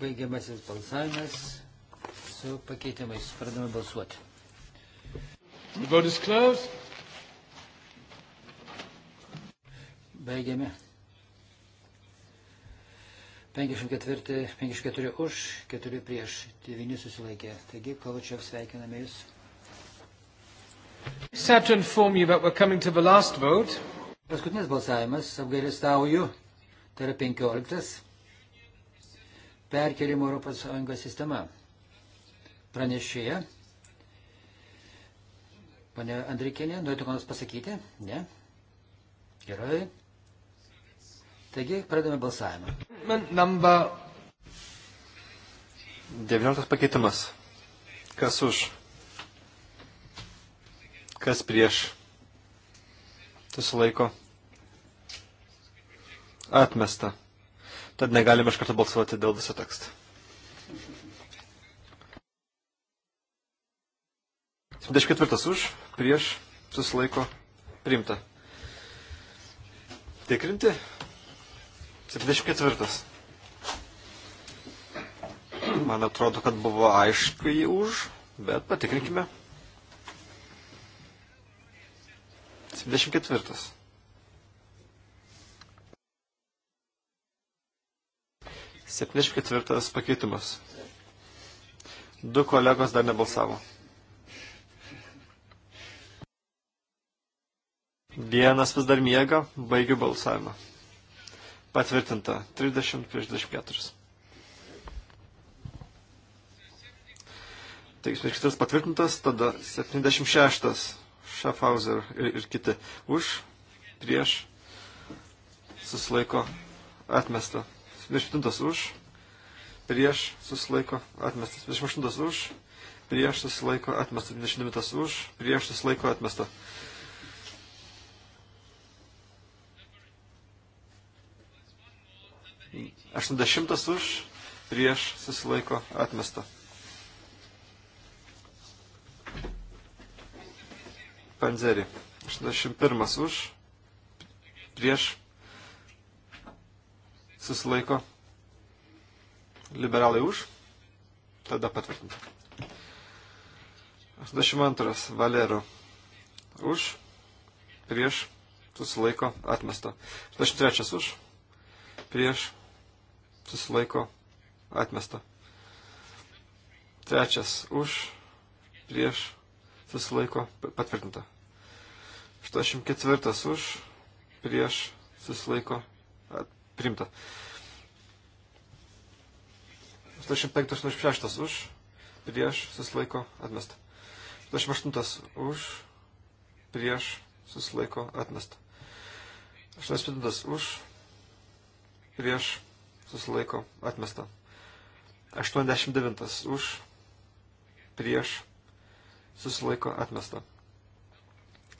baigiamasis balsavimas su pakeitimais. Pradame balsuoti. The vote is closed. Baigiame. 54, 54 už, 4 prieš, 9 susilaikė. Taigi, Kalačiev sveikiname Jūs. Paskutinis balsavimas, apgailestauju, tai yra 15. Perkelimo ES sistema. Pranešėja. Pane Andrikinė, norite ką nors pasakyti? Ne? Gerai. Taigi, pradame balsavimą. Number... 19 pakeitimas. Kas už? Kas prieš? Susilaiko. Atmesta. Tad negalime iš karto balsuoti dėl viso teksto. 24 už, prieš, susilaiko, priimta. Tikrinti. 74. Man atrodo, kad buvo aiškiai už, bet patikrinkime. Mm. 24. Septyniasdešimt ketvirtas pakeitimas. Du kolegos dar nebalsavo. Vienas vis dar miega, baigiu balsavimą. Patvirtinta 30 prieš 24. Taigi, 24 patvirtintas, tada 76 Schaffhauser ir, ir kiti. Už, prieš, susilaiko, atmesta. 27 už, prieš, susilaiko, atmestas. 28 už, prieš, susilaiko, atmestas. 29 už, prieš, susilaiko, atmestas. Aštuondešimtas už, prieš, susilaiko, atmesta. Panzeri. 81 už. Prieš. Susilaiko. Liberalai už. Tada patvirtinta. 82 Valero. Už. Prieš. Susilaiko. Atmesta. 83 už. Prieš. Susilaiko. Atmesta. Trečias už. Prieš susilaiko patvirtinta. 84 už, prieš susilaiko primta. 85-86 už, prieš susilaiko atmesta. 88 už, prieš susilaiko atmesta. 85 už, prieš susilaiko atmesta. 89 už, prieš susilaiko atmesta.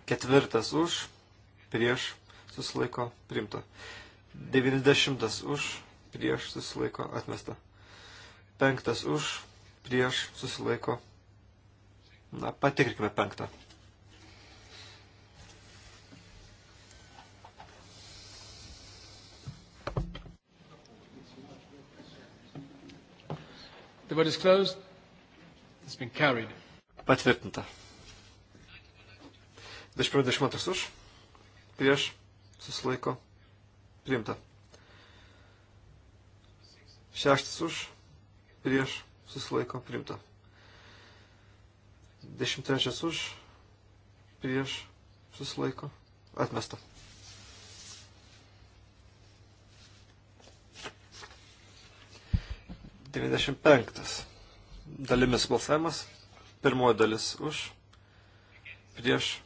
Ketvirtas už, prieš, susilaiko primta. 90 už, prieš, susilaiko atmesta. Penktas už, prieš, susilaiko. Na, patikrinkime penktą. The vote is closed. It's been carried. Patvirtinta. 21-22 už. Prieš. Susilaiko. Priimta. 6 už. Prieš. Susilaiko. Priimta. 13 už. Prieš. Susilaiko. Atmesta. Devyniasdešimt penktas. Dalimis balsavimas. Pirmoji dalis už, prieš,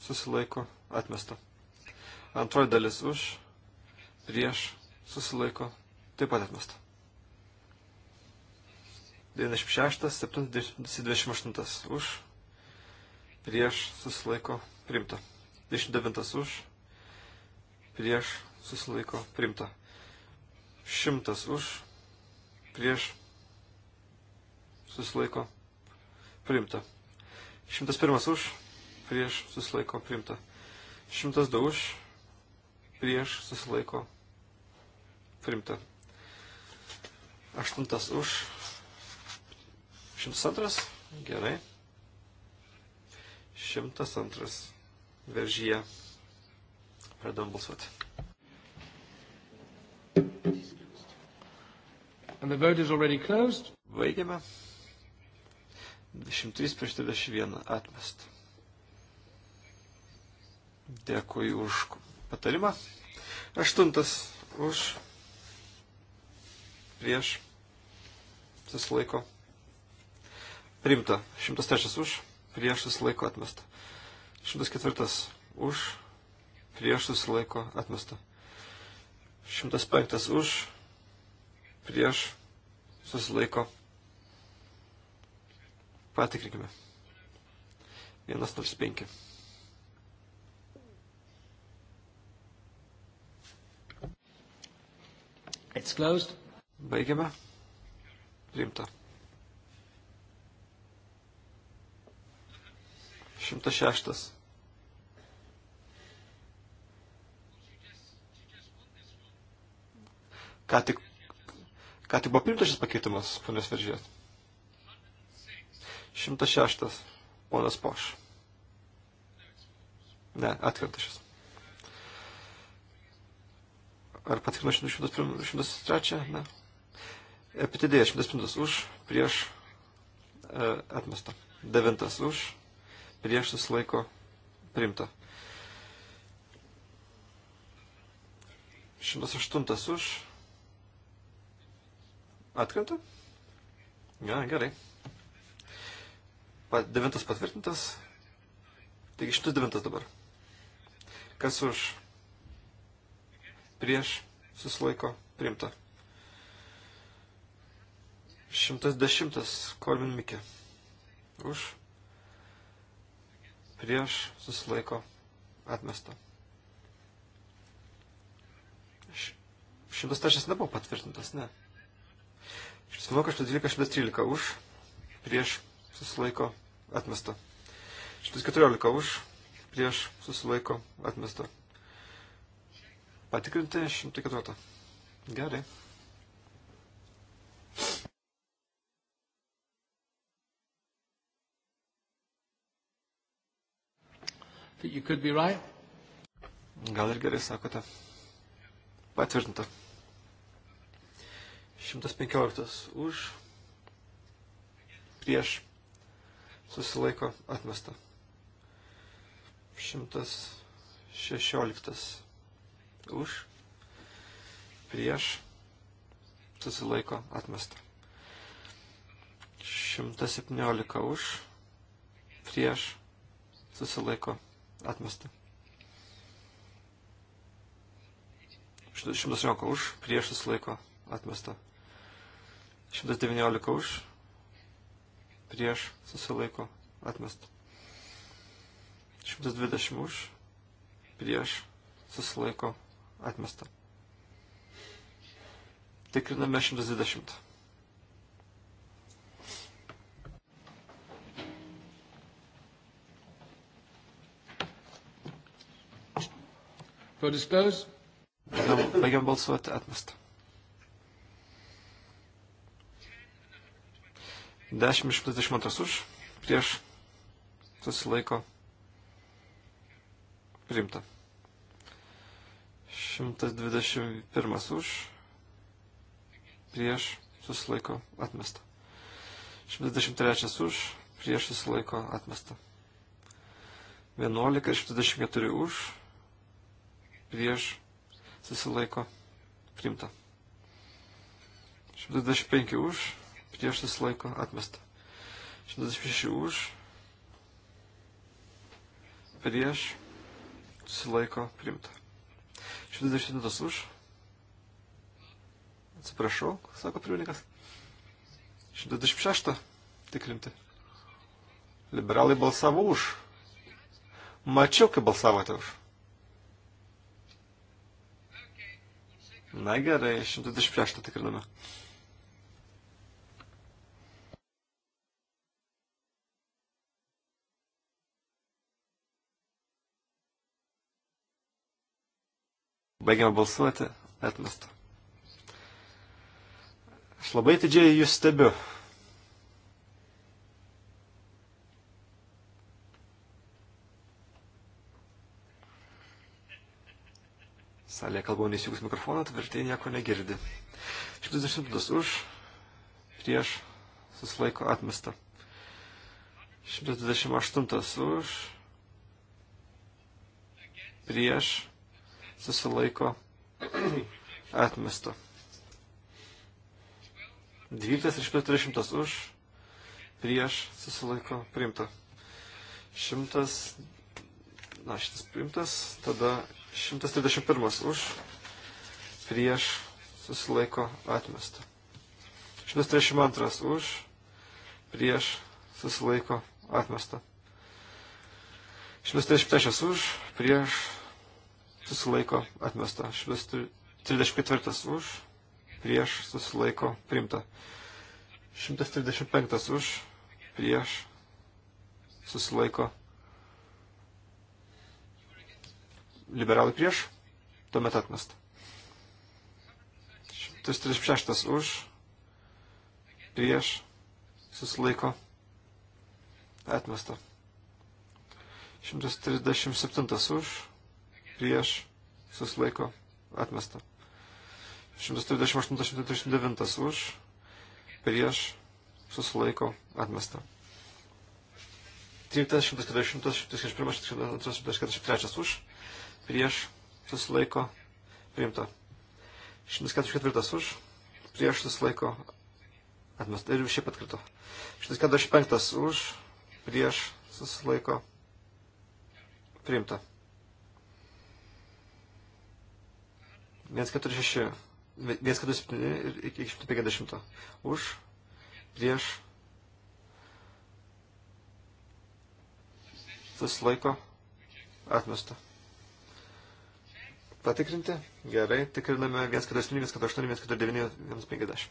susilaiko, atmesta. Antroji dalis už, prieš, susilaiko, taip pat atmesta. 96, 7, 28 už, prieš, susilaiko, primta. 29 už, prieš, susilaiko, primta. 100 už, prieš, susilaiko, primta priimta. 101 už, prieš susilaiko priimta. 102 už, prieš susilaiko priimta. 8 už, 102, gerai. 102 veržyje. Pradam balsuoti. And the vote is already closed. Baigiame. 23 prieš 21 atmest. Dėkui už patarimą. Aštuntas už prieš susilaiko. Primta. 103 už prieš susilaiko atmesta. 104 už prieš susilaiko atmesta. 105 už prieš susilaiko atmesta. Patikrinkime. 105. It's closed. Baigiame. Priimta. 106. Ką tik, ką tik buvo priimtas šis pakeitimas, ponios veržėt. 106. Ponas Poš. Ne, atkrenta šis. Ar patikrino 103? Ne. Epitidėje 105 už, prieš e, atmestą. 9 už, prieš susilaiko primta. 108 už. Atkrenta? Ne, ja, gerai. Devintas patvirtintas. Taigi šitas devintas dabar. Kas už? Prieš susilaiko priimta. 110 Korvin Mikė. Už. Prieš susilaiko atmesta. 103 nebuvo patvirtintas, ne. 111, 112, 113 už. Prieš susilaiko atmesta. 114 už, prieš susilaiko atmesta. Patikrinti 104. Gerai. That you could be right. Gal ir gerai sakote. Patvirtinta. 115 už, prieš susilaiko atmesta. 116 už, prieš, susilaiko atmesta. 117 už, prieš, susilaiko atmesta. 119 už, prieš susilaiko atmesta. 119 už, prieš susilaiko atmesta. 120 už prieš susilaiko atmesta. Tikriname 120. Vote is closed. Baigiam balsuoti atmestą. 10.122 už, prieš, susilaiko, priimta. 121 už, prieš, susilaiko, atmesta. 123 už, prieš, susilaiko, atmesta. 11 ir 124 už, prieš, susilaiko, priimta. 125 už, prieš susilaiko atmesta. 126 už, prieš susilaiko primta. 127 už, atsiprašau, sako pirmininkas. 126 tikrinti. Liberalai balsavo už. Mačiau, kai balsavote už. Na gerai, 126 tikriname. Baigiame balsuoti. Atmesta. Aš labai didžiai jūs stebiu. Salėje kalbau nesijungus mikrofoną, tai vertėjai nieko negirdi. 122 už, prieš, susilaiko atmesta. 128 už, prieš, susilaiko (clears throat) atmesta. 12 iš 40 už, prieš susilaiko priimta. 100, na šitas priimtas, tada 131 už, prieš susilaiko atmesta. 132 už, prieš susilaiko atmesta. 133 už, prieš susilaiko atmesta. Švis 34 už, prieš susilaiko priimta. 135 už, prieš susilaiko liberalai prieš, tuomet atmesta. 136 už, prieš susilaiko atmesta. 137 už, prieš susilaiko atmesta. 138-139 už prieš susilaiko atmesta. 341-143 už prieš susilaiko priimta. 144 už prieš susilaiko atmesta. Ir šiaip atkrito. 145 už prieš susilaiko priimta. 146, 147 ir iki 150. Už, prieš, susilaiko, atmesta. Patikrinti? Gerai, tikriname 147, 148, 149, 150.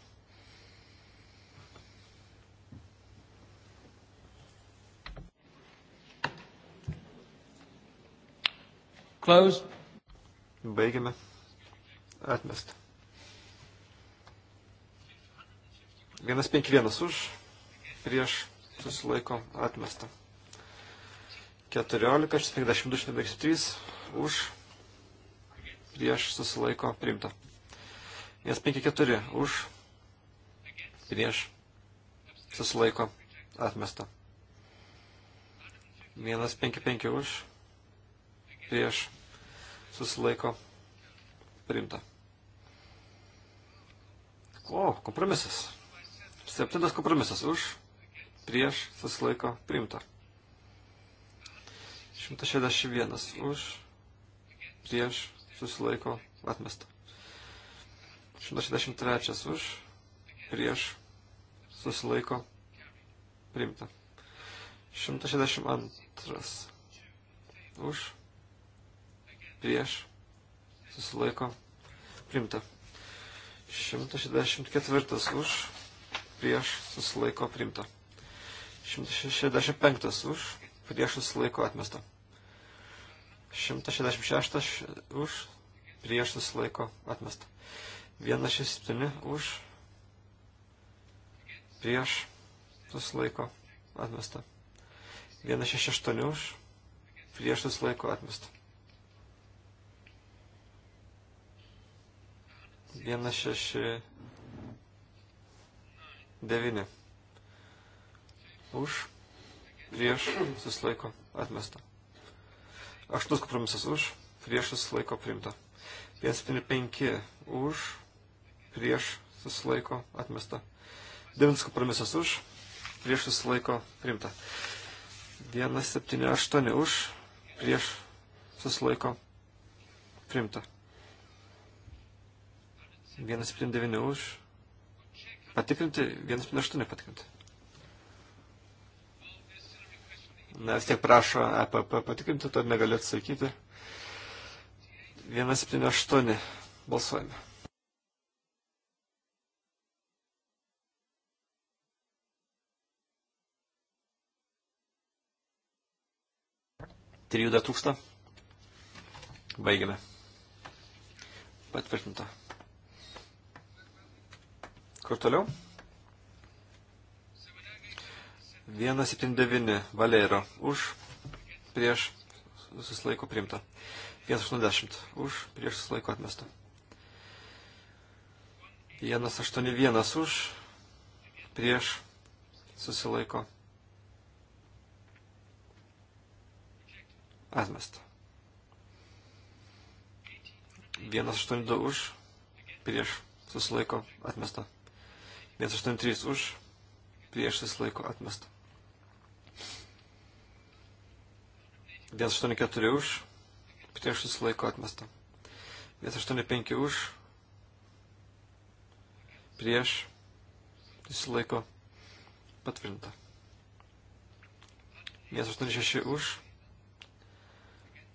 Closed. Baigiame atmesta. 151 už, prieš susilaiko atmesta. 14, 52, 153 už, prieš susilaiko priimta. 154 už, prieš susilaiko atmesta. 155 už, prieš susilaiko priimta. O, kompromisas. Septintas kompromisas už, prieš, susilaiko, priimta. 161 už, prieš, susilaiko, atmesta. 163 už, prieš, susilaiko, priimta. 162 už, prieš, susilaiko, priimta. 164 už, prieš susilaiko primta. 165 už, prieš susilaiko atmesta. 166 už, prieš susilaiko atmesta. 167 už, prieš susilaiko atmesta. 168 už, prieš susilaiko atmesta. 169. Už, prieš, susilaiko, atmesta. Aštus kompromisas už, prieš, susilaiko, priimta. 175. Už, prieš, susilaiko, atmesta. Devintas kompromisas už, prieš, susilaiko, priimta. 178 už, prieš, susilaiko, priimta. 179 už. Patikrinti, 178 patikrinti. Na, vis tiek prašo EPP patikrinti, to negaliu atsakyti. 178 balsuojame. Trijų dar trūksta. Baigiame. Patvirtinta. Kur toliau? 179 Valero už prieš susilaiko primta. 180 už prieš susilaiko atmesta. 181 už prieš susilaiko atmesta. 182 už prieš susilaiko atmesta. 183 už, prieš susilaiko atmesta. 184 už, prieš susilaiko atmesta. 185 už, prieš susilaiko patvirtinta. 186 už,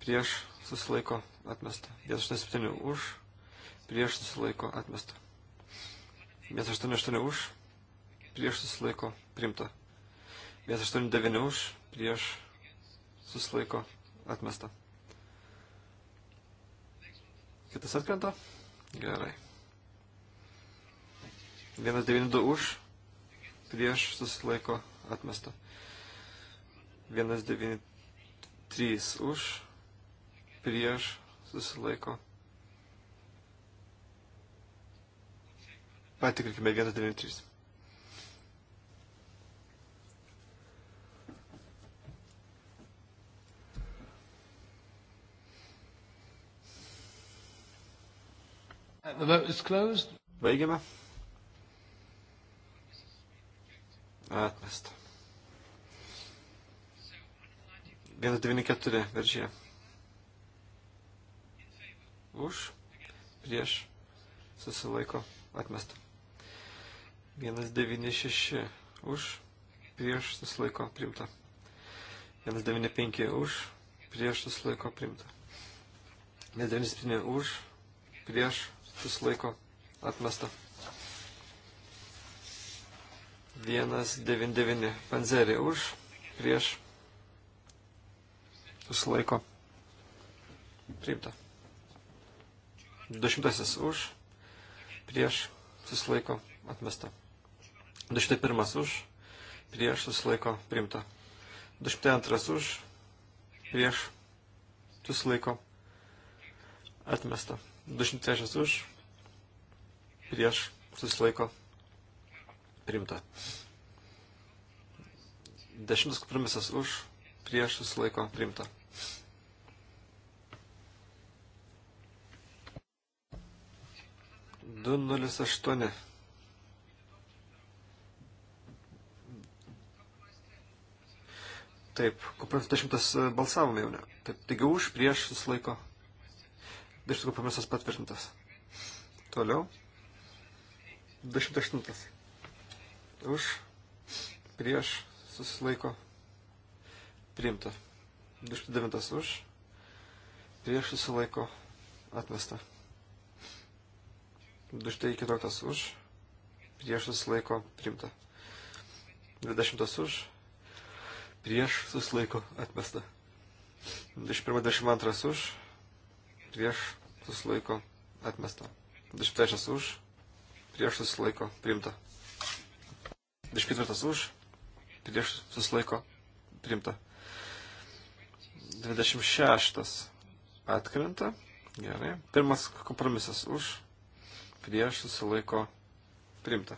prieš susilaiko atmesta. 187 už, prieš susilaiko atmesta. 188 už, prieš susilaiko primta. 189 už, prieš susilaiko atmesta. Kitas atkrenta? Gerai. 192 už, prieš susilaiko atmesta. 193 už, prieš susilaiko Patikrinkime 193. The vote is closed. Baigiame. Atmesta. 194 veržė. Už, prieš, susilaiko, atmesta. 196 už, prieš susilaiko priimta. 195 už, prieš susilaiko priimta. 197 už, prieš susilaiko atmesta. 199 panzerį už, prieš susilaiko priimta. 200 už, prieš susilaiko atmesta. 201 už, prieš susilaiko primta. 202 už, prieš susilaiko atmesta. 203 už, prieš susilaiko primta. Dešimtas kompromisas už, prieš susilaiko primta. Du nulis aštuoni. Taip, kompromisas dešimtas e, balsavome jau ne. Taip, taigi už, prieš, susilaiko. Dešimtas kompromisas patvirtintas. Toliau. Dešimtas aštuntas. Už, prieš, susilaiko. Priimta. Dešimtas devintas už, prieš, susilaiko. Atmesta. Dešimtas keturioliktas už, prieš, susilaiko. Priimta. Dvidešimtas už, prieš susilaiko atmesta. 21-22 už, prieš susilaiko atmesta. 23 už, prieš susilaiko priimta. 24 už, prieš susilaiko priimta. 26 atkrenta. Gerai. Pirmas kompromisas už, prieš susilaiko priimta.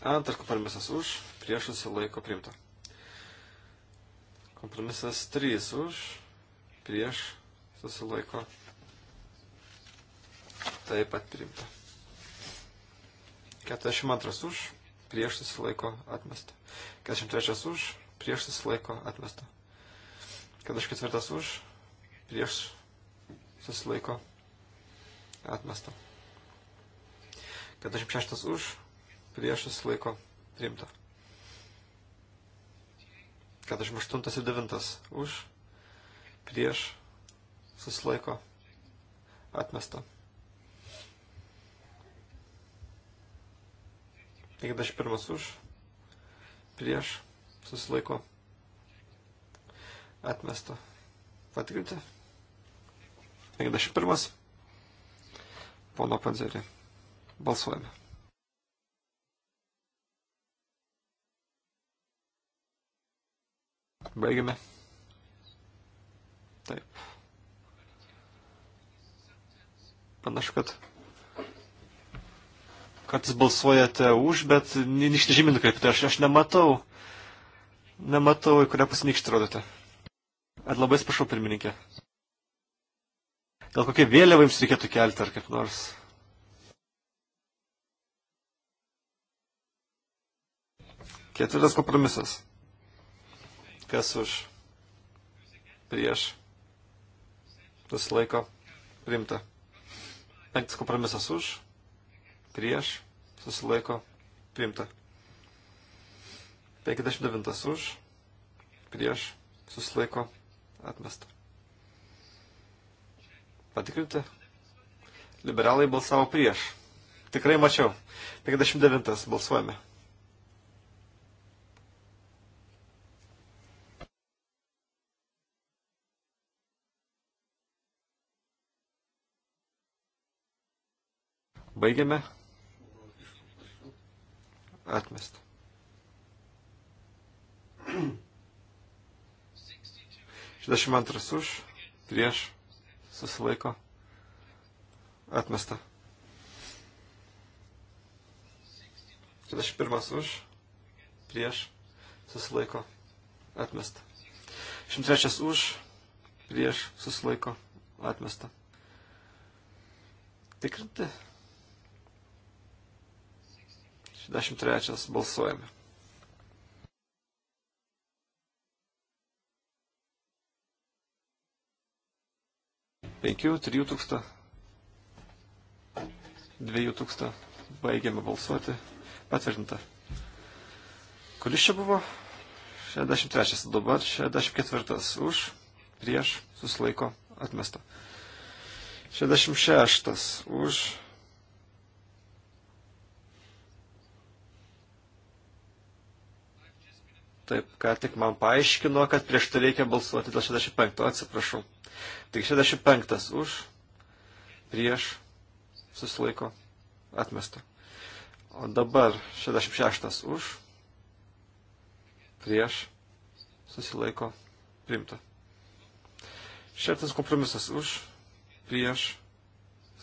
Antras kompromisas už, prieš susilaiko priimta. Kompromisas 3 už, prieš susilaiko taip pat priimta. 42 už, prieš susilaiko atmesta. 43 už, prieš susilaiko atmesta. 44 už, prieš susilaiko atmesta. 46 už, prieš susilaiko priimta. 48 ir 9 už, prieš susilaiko atmesta. 51 už, prieš susilaiko atmesta. Patikrinti. 51. Pono Panzerį. Balsuojame. Baigiame. Taip. Panašu, kad kad balsuojate už, bet neištižymi nukreipti. Aš, aš nematau, nematau, į kurią pusnykštį rodote. Ar labai sprašau, pirmininkė. Gal kokie vėliavai jums reikėtų kelti ar kaip nors? Ketvirtas kompromisas kas už, prieš, susilaiko, priimta. Penktas kompromisas už, prieš, susilaiko, priimta. 59 už, prieš, susilaiko, atmesta. Patikrinti. Liberalai balsavo prieš. Tikrai mačiau. 59 balsuojame. Baigiame. Atmest. 62 už, prieš, susilaiko. Atmesta. 61 už, prieš, susilaiko. Atmesta. 103 už, prieš, susilaiko. Atmesta. Tikrinti. 23 balsuojame. Penkių, trijų tūksta, dviejų tūksta, baigiame balsuoti, patvirtinta. Kuris čia buvo? 63 dabar, 64 už, prieš, susilaiko, atmesta. 66 už, Taip, ką tik man paaiškino, kad prieš tai reikia balsuoti dėl 65, atsiprašau. Tik 65 už, prieš, susilaiko, atmesta. O dabar 66 už, prieš, susilaiko, priimta. Šeštas kompromisas už, prieš,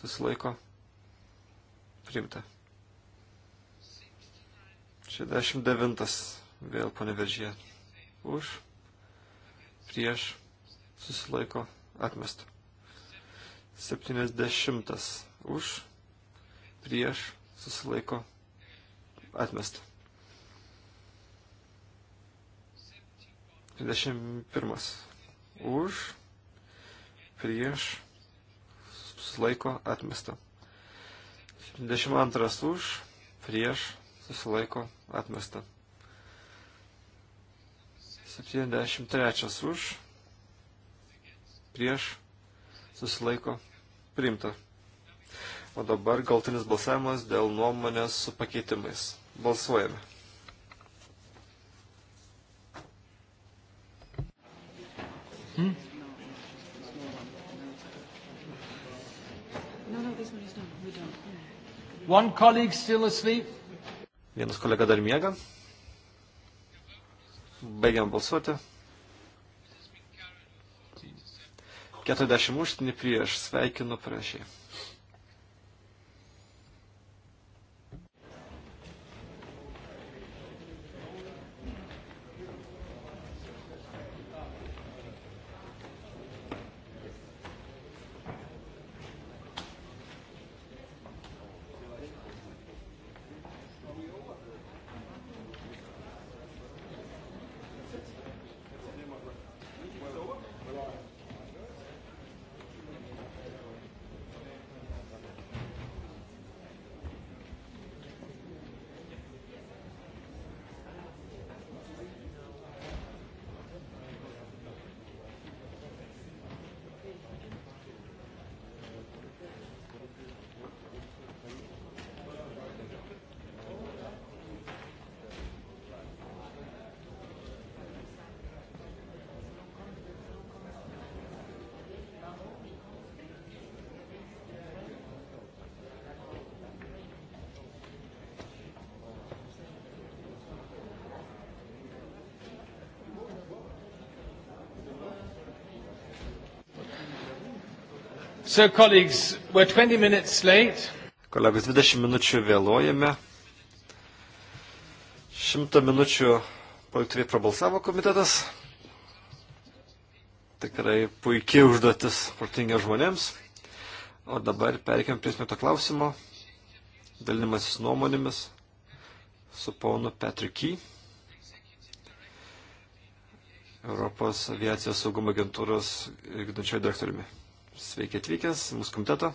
susilaiko, priimta. 69 vėl ponė Veržė už, prieš, susilaiko, atmesta. 70 už, prieš, susilaiko, atmesta. 21 už, prieš, susilaiko, atmesta. 22 už, prieš, susilaiko, atmesta. 73 už, prieš, susilaiko, priimta. O dabar galtinis balsavimas dėl nuomonės su pakeitimais. Balsuojame. Hmm? No, no, this one is done. We don't. One colleague still asleep. Vienas kolega dar miega. Baigiam balsuoti. 40 už, prieš. Sveikinu panašiai. So, colleagues, we're 20 minutes late. Kolegos, 20 minučių vėluojame. 100 minučių projektyviai prabalsavo komitetas. Tikrai puikiai užduotis protingiams žmonėms. O dabar perėkime prie smito klausimo. Dalinimasis nuomonėmis su ponu Petriky. Europos aviacijos saugumo agentūros vykdančiojo direktoriumi. Sveiki atvykęs, mūsų komiteto.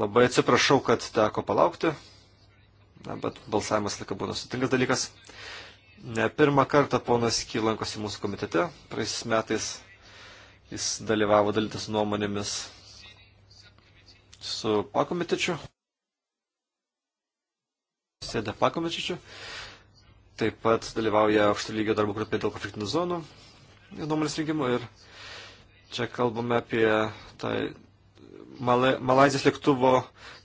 Labai atsiprašau, kad teko palaukti, Na, bet balsavimas lika būna sutinkas dalykas. Ne pirmą kartą ponas Ky lankosi mūsų komitete. Praeisiais metais jis dalyvavo dalytis nuomonėmis su pakomitečiu. Sėdė pakomitečiu. Taip pat dalyvauja aukšto lygio darbo grupė dėl konfliktinių zonų nuomonės rinkimų ir Čia kalbame apie tą Malazijos lėktuvo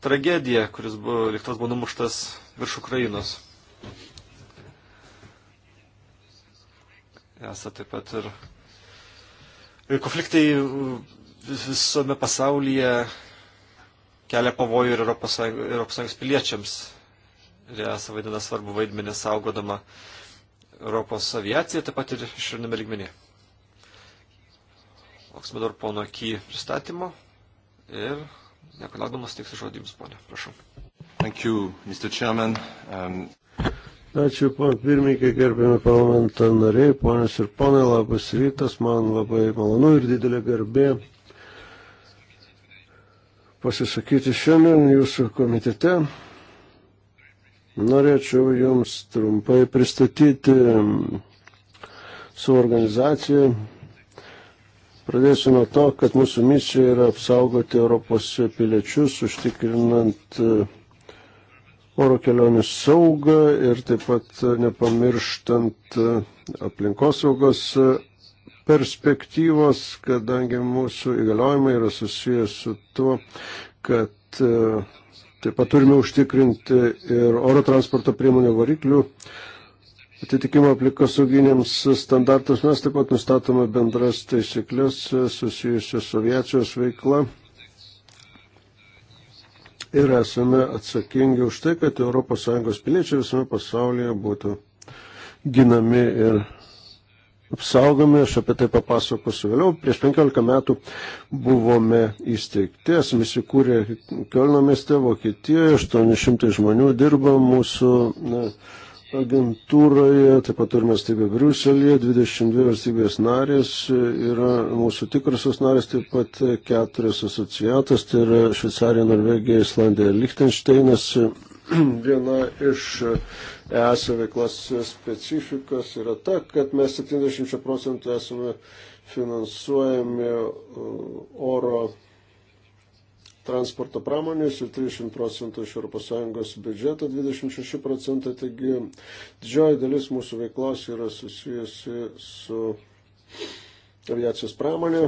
tragediją, kuris buvo, lėktuvas buvo numuštas virš Ukrainos. Esą taip pat ir konfliktai visame pasaulyje kelia pavojų ir Europos Sąjungos piliečiams. Ir esą vaidina svarbu vaidmenį saugodama Europos aviaciją, taip pat ir išriname lygmenį. Lauksime dar pono Ky pristatymo ir nekalaukdamas tiksiu žodį jums, ponė. Prašau. Thank you, Mr. Chairman. Um... Ačiū, pan pirmininkai, gerbėme parlamento nariai, ponios ir ponai, labas rytas, man labai malonu ir didelė garbė pasisakyti šiandien jūsų komitete. Norėčiau jums trumpai pristatyti um, su organizacija, Pradėsiu nuo to, kad mūsų misija yra apsaugoti Europos piliečius, užtikrinant e, oro kelionių saugą ir taip pat e, nepamirštant e, aplinkosaugos perspektyvos, kadangi mūsų įgaliojimai yra susijęs su tuo, kad taip pat turime užtikrinti ir oro transporto priemonių variklių atitikimo aplikosauginiams standartams mes taip pat nustatome bendras taisyklės e, susijusios su aviacijos veikla ir esame atsakingi už tai, kad ES piliečiai visame pasaulyje būtų ginami ir apsaugomi. Aš apie tai papasakosiu vėliau. Prieš 15 metų buvome įsteigti, esame įsikūrę Kielno mieste, Vokietijoje, 800 žmonių dirba mūsų. Na, agentūroje, taip pat turime stebę Briuselėje, 22 valstybės narės yra mūsų tikrasios narės, taip pat keturios asociatas, tai yra Šveicarija, Norvegija, Islandija, Lichtensteinas. (clears throat) Viena iš ES veiklas specifikos yra ta, kad mes 70 procentų esame finansuojami oro transporto pramonės ir 30 procentų iš ES biudžeto, 26 procentai, taigi didžioji dalis mūsų veiklos yra susijusi su aviacijos pramonė.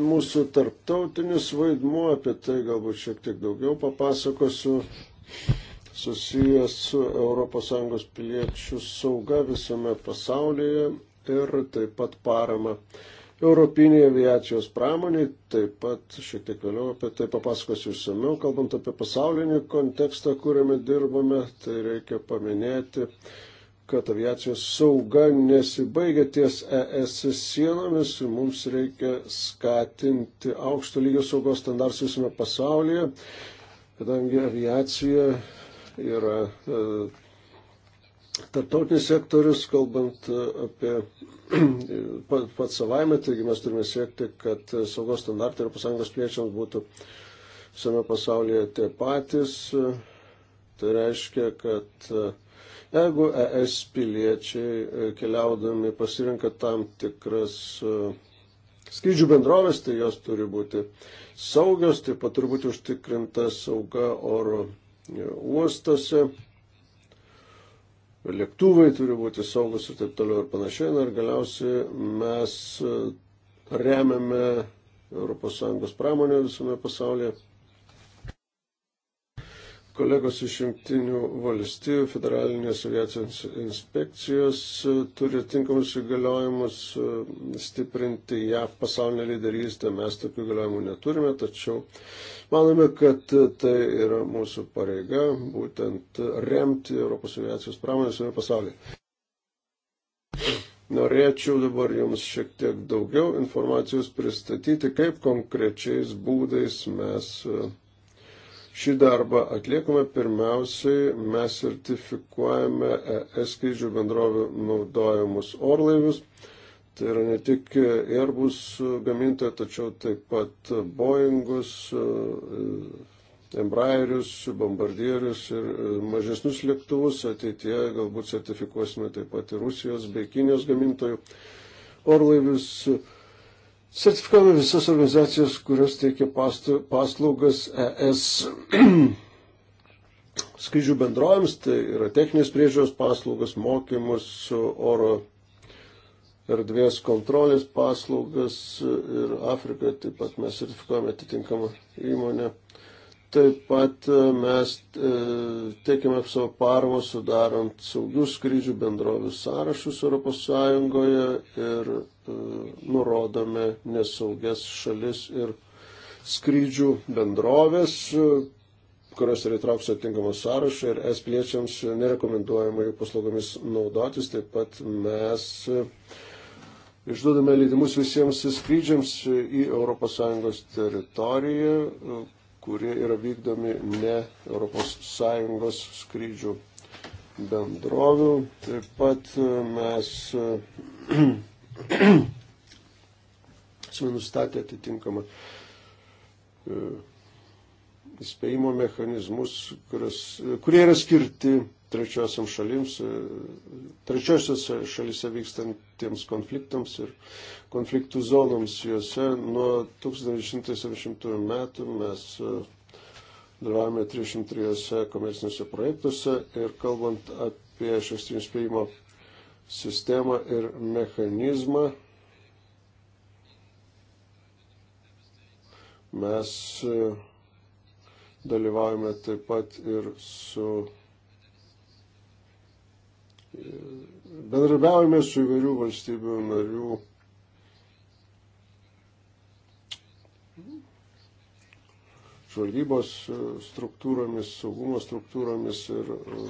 Mūsų tarptautinis vaidmuo, apie tai galbūt šiek tiek daugiau papasakosiu, susijęs su ES piliečių sauga visame pasaulyje ir taip pat parama Europinėje aviacijos pramonė, taip pat šiek tiek vėliau apie tai papasakosiu išsamiau, kalbant apie pasaulinį kontekstą, kuriame dirbame, tai reikia paminėti, kad aviacijos sauga nesibaigia ties ES sienomis ir mums reikia skatinti aukšto lygio saugos standartus visame pasaulyje, kadangi aviacija yra e, tarptautinis sektorius, kalbant e, apie (clears throat) pat savaime, taigi mes turime siekti, kad saugos standartai Europos Sąjungos piliečiams būtų visame pasaulyje tie patys. Tai reiškia, kad jeigu ES piliečiai e, keliaudami pasirinka tam tikras e, skrydžių bendrovės, tai jos turi būti saugios, taip pat turi būti užtikrinta sauga oro e, uostose lėktuvai turi būti saugus ir taip toliau ir panašiai. Na ir galiausiai mes remiame ES pramonę visame pasaulyje. Kolegos iš jungtinių valstybių federalinės aviacijos inspekcijos e, turi tinkamus įgaliojimus e, stiprinti JAV pasaulinę lyderystę. Mes tokių įgaliojimų neturime, tačiau manome, kad tai yra mūsų pareiga būtent remti Europos aviacijos pramonę visame pasaulyje. Norėčiau dabar Jums šiek tiek daugiau informacijos pristatyti, kaip konkrečiais būdais mes e, Šį darbą atliekame pirmiausiai, mes sertifikuojame ES skrydžių bendrovių naudojamus orlaivius. Tai yra ne tik Airbus gamintojai, tačiau taip pat Boeingus, Embraerius, Bombardierius ir mažesnius lėktuvus. Ateityje galbūt sertifikuosime taip pat ir Rusijos bei Kinijos gamintojų orlaivius. Sertifikavome visas organizacijas, kurios teikia paslaugas ES (clears throat) skrydžių bendrovėms, tai yra techninės priežiūros paslaugas, mokymus, oro erdvės kontrolės paslaugas ir Afrikoje taip pat mes sertifikuojame atitinkamą įmonę Taip pat e, mes e, teikiame savo paramą sudarant saugių skrydžių bendrovių sąrašus ES ir e, nurodome nesaugias šalis ir skrydžių bendrovės, kurios yra įtrauktos atitinkamą sąrašą ir es piliečiams nerekomenduojama jų paslaugomis naudotis. Taip pat mes išduodame leidimus visiems skrydžiams į ES teritoriją kurie yra vykdomi ne ES skrydžių bendrovių. Taip pat e, mes e, (clears throat) esame nustatę atitinkamą e, įspėjimo mechanizmus, kurios, kurie yra skirti trečiosiam šalims, e, trečiosios šalyse vykstantiems konfliktams ir konfliktų zonoms juose. Nuo 1970 metų mes e, dalyvavome 303 komerciniuose projektuose ir kalbant apie šeštinį spėjimo sistemą ir mechanizmą, mes e, dalyvaujame taip pat ir su bendrabiaujame su įvairių valstybių narių žvalgybos e, struktūromis, saugumo struktūromis ir uh,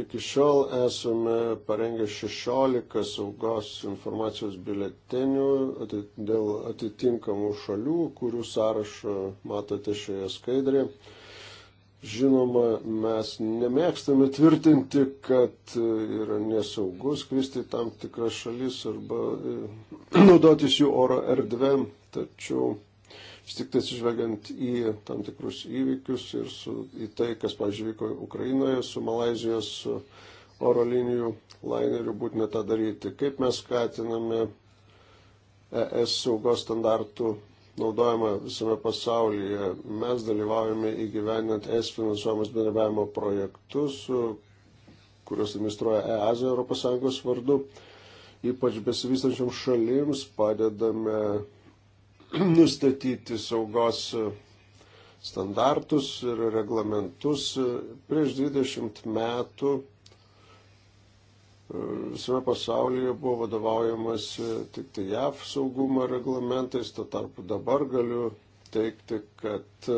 Iki šiol esame parengę 16 saugos informacijos biuletenių dėl atitinkamų šalių, kurių sąrašą matote šioje skaidrėje. Žinoma, mes nemėgstame tvirtinti, kad yra nesaugu skristi tam tikras šalis arba e, (clears throat) naudotis jų oro erdvėm, tačiau tik tai atsižvelgiant į tam tikrus įvykius ir su, į tai, kas, pavyzdžiui, vyko Ukrainoje su Malazijos oro linijų laineriu, būtina tą daryti. Kaip mes skatiname ES saugos standartų naudojama visame pasaulyje. Mes dalyvaujame įgyvenant ES finansuojamas bendravimo projektus, kuriuos administruoja EASA ES vardu. Ypač besivystančiam šalims padedame (clears throat) nustatyti saugos e, standartus ir reglamentus. E, prieš 20 metų e, visame pasaulyje buvo vadovaujamas tik tai JAV saugumo reglamentais, to tarpu dabar galiu teikti, kad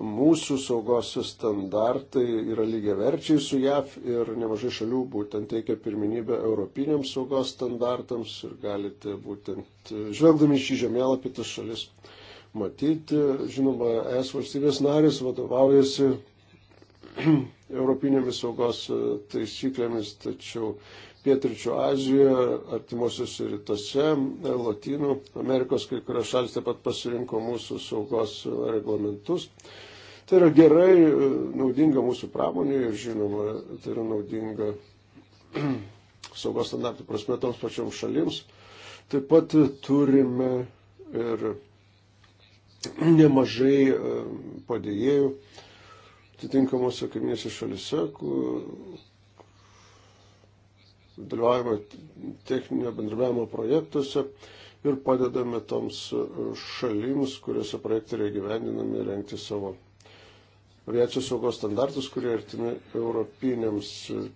mūsų saugos standartai yra lygiaverčiai su JAV ir nemažai šalių būtent teikia pirminybę europiniams saugos standartams ir galite būtent, žvelgdami šį žemėlapį, tas šalis matyti. Žinoma, es valstybės narės vadovaujasi (clears throat) europinėmis saugos taisyklėmis, tačiau Pietričio Azijoje, artimuosiuose rytuose, Latinų Amerikos kai kurios šalis taip pat pasirinko mūsų saugos reglamentus. Tai yra gerai, naudinga mūsų pramonė ir žinoma, tai yra naudinga (clears throat) saugos standartų prasme toms pačioms šalims. Taip pat turime ir (clears throat) nemažai e, padėjėjų atitinkamuose kaiminėse šalise, dalyvavimą techninio bendrabiavimo projektuose ir padedame toms šalims, kuriuose projektai yra gyvendinami, renkti savo aviacijos saugos standartus, kurie artimi europiniams.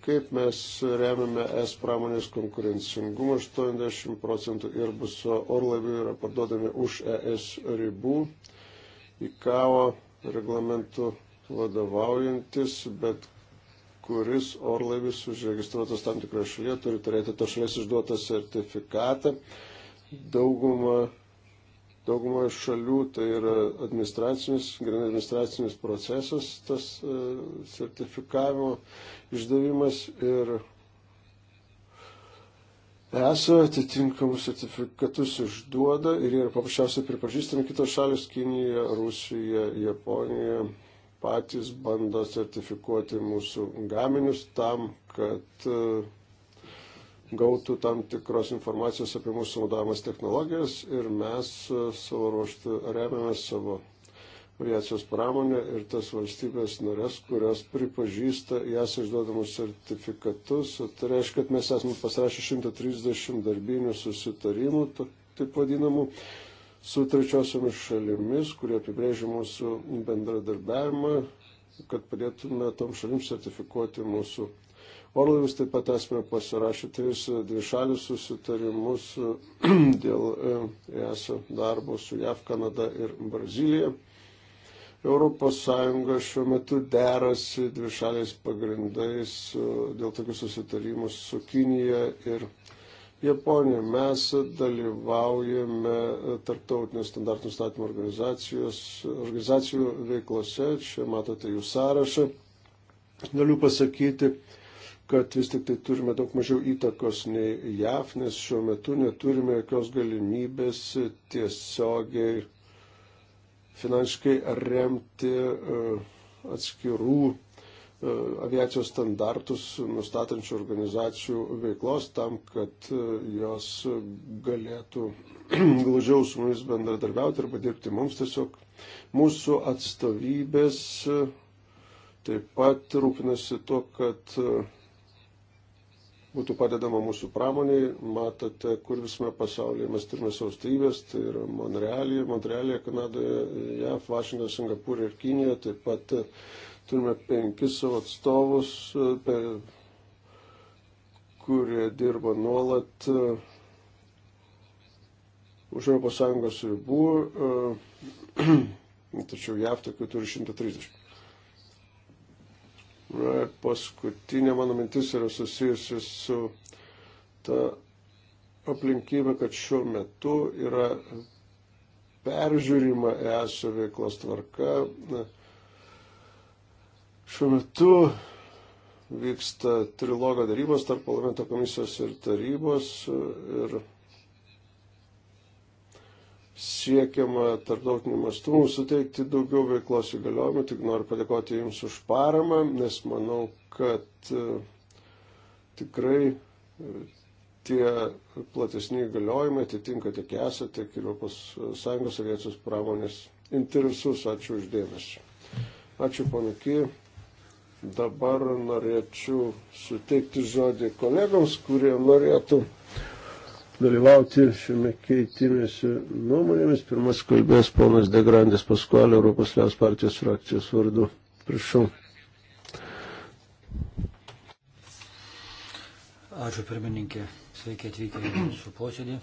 Kaip mes remiame es pramonės konkurencingumą, 80 procentų ir bus orlaivių yra parduodami už ES ribų. Į kavo reglamentų vadovaujantis, bet kuris orlaivis užregistruotas tam tikroje šalyje turi turėti to šalies išduotą sertifikatą. Dauguma, dauguma šalių tai yra administracinis, grinai administracinis procesas, tas e, sertifikavimo išdavimas ir ESA atitinkamus sertifikatus išduoda ir jie yra paprasčiausiai pripažįstami kitos šalis - Kinija, Rusija, Japonija, patys bando sertifikuoti mūsų gaminius tam, kad e, gautų tam tikros informacijos apie mūsų naudojamas technologijas ir mes e, savo ruoštų remiamės savo aviacijos pramonę ir tas valstybės narės, kurios pripažįsta jas išduodamus sertifikatus. Tai reiškia, kad mes esame pasirašę 130 darbinių susitarimų, taip vadinamų, su trečiosiomis šalimis, kurie apibrėžia mūsų bendradarbiavimą, kad padėtume tom šalim sertifikuoti mūsų orlaivius. Taip pat esame pasirašę tris dvišalius susitarimus (clears throat) dėl e, ESO darbo su JAV, Kanada ir Brazilija. ES šiuo metu derasi dvišaliais pagrindais e, dėl tokių susitarimų su Kinija ir Japonija. Mes dalyvaujame tarptautinių standartų statymo organizacijų veiklose. Čia matote jų sąrašą. Galiu pasakyti, kad vis tik tai turime daug mažiau įtakos nei JAF, nes šiuo metu neturime jokios galimybės tiesiogiai finansiškai remti e, atskirų E, aviacijos standartus nustatančių organizacijų veiklos tam, kad e, jos galėtų (clears throat) glaudžiau su mumis bendradarbiauti arba dirbti mums tiesiog. Mūsų atstovybės e, taip pat rūpinasi tuo, kad būtų padedama mūsų pramoniai. Matote, kur visame pasaulyje mes turime saustybės, tai yra Monrealija, Montrealija, Kanadoje, JAV, Vašingtonas, Singapūrė ir Kinija, taip pat Turime penkis savo atstovus, e, kurie dirba nuolat e, už ES ribų, e, (clears throat) tačiau JAV tokių turi 130. Na ir paskutinė mano mintis yra susijusi su ta aplinkybė, kad šiuo metu yra peržiūrima ESO veiklos tvarka. Na, Šiuo metu vyksta trilogo darybos tarp parlamento komisijos ir tarybos ir siekiama tarptautiniu mastu suteikti daugiau veiklos įgaliojimų. Tik noriu padėkoti Jums už paramą, nes manau, kad e, tikrai e, tie platesni įgaliojimai atitinka tiek esą, tiek Europos Sąjungos aviacijos pramonės interesus. Ačiū uždėmesi. Ačiū panaki. Dabar norėčiau suteikti žodį kolegoms, kurie norėtų dalyvauti šiame keitimėsi nuomonėmis. Pirmas kalbės ponas Degrandės Paskualė, Europos Liaus partijos frakcijos vardu. Prašau. Ačiū pirmininkė. Sveiki atvykę į mūsų posėdį.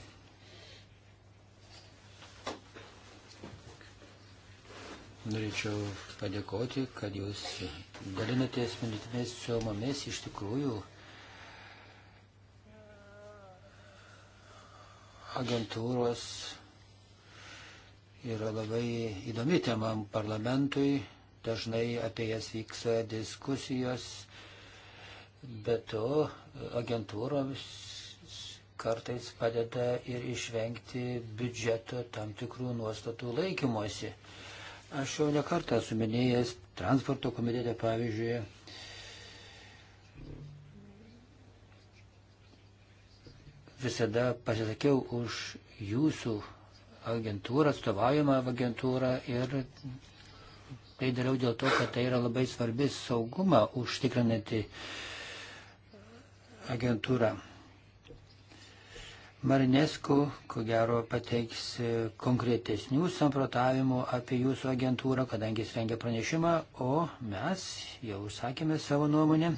Norėčiau padėkoti, kad jūs dalinatės mintimis su mumis iš tikrųjų. Agentūros yra labai įdomi tema parlamentui, dažnai apie jas vyksta diskusijos, bet to agentūroms kartais padeda ir išvengti biudžeto tam tikrų nuostatų laikymosi. Aš jau nekartą esu minėjęs transporto komitete, pavyzdžiui, visada pasisakiau už jūsų agentūrą, atstovaujamą agentūrą ir tai dariau dėl to, kad tai yra labai svarbi saugumą užtikrinanti agentūra. Marinesku, ko gero, pateiks e, konkretesnių samprotavimų apie jūsų agentūrą, kadangi jis rengia pranešimą, o mes jau sakėme savo nuomonę.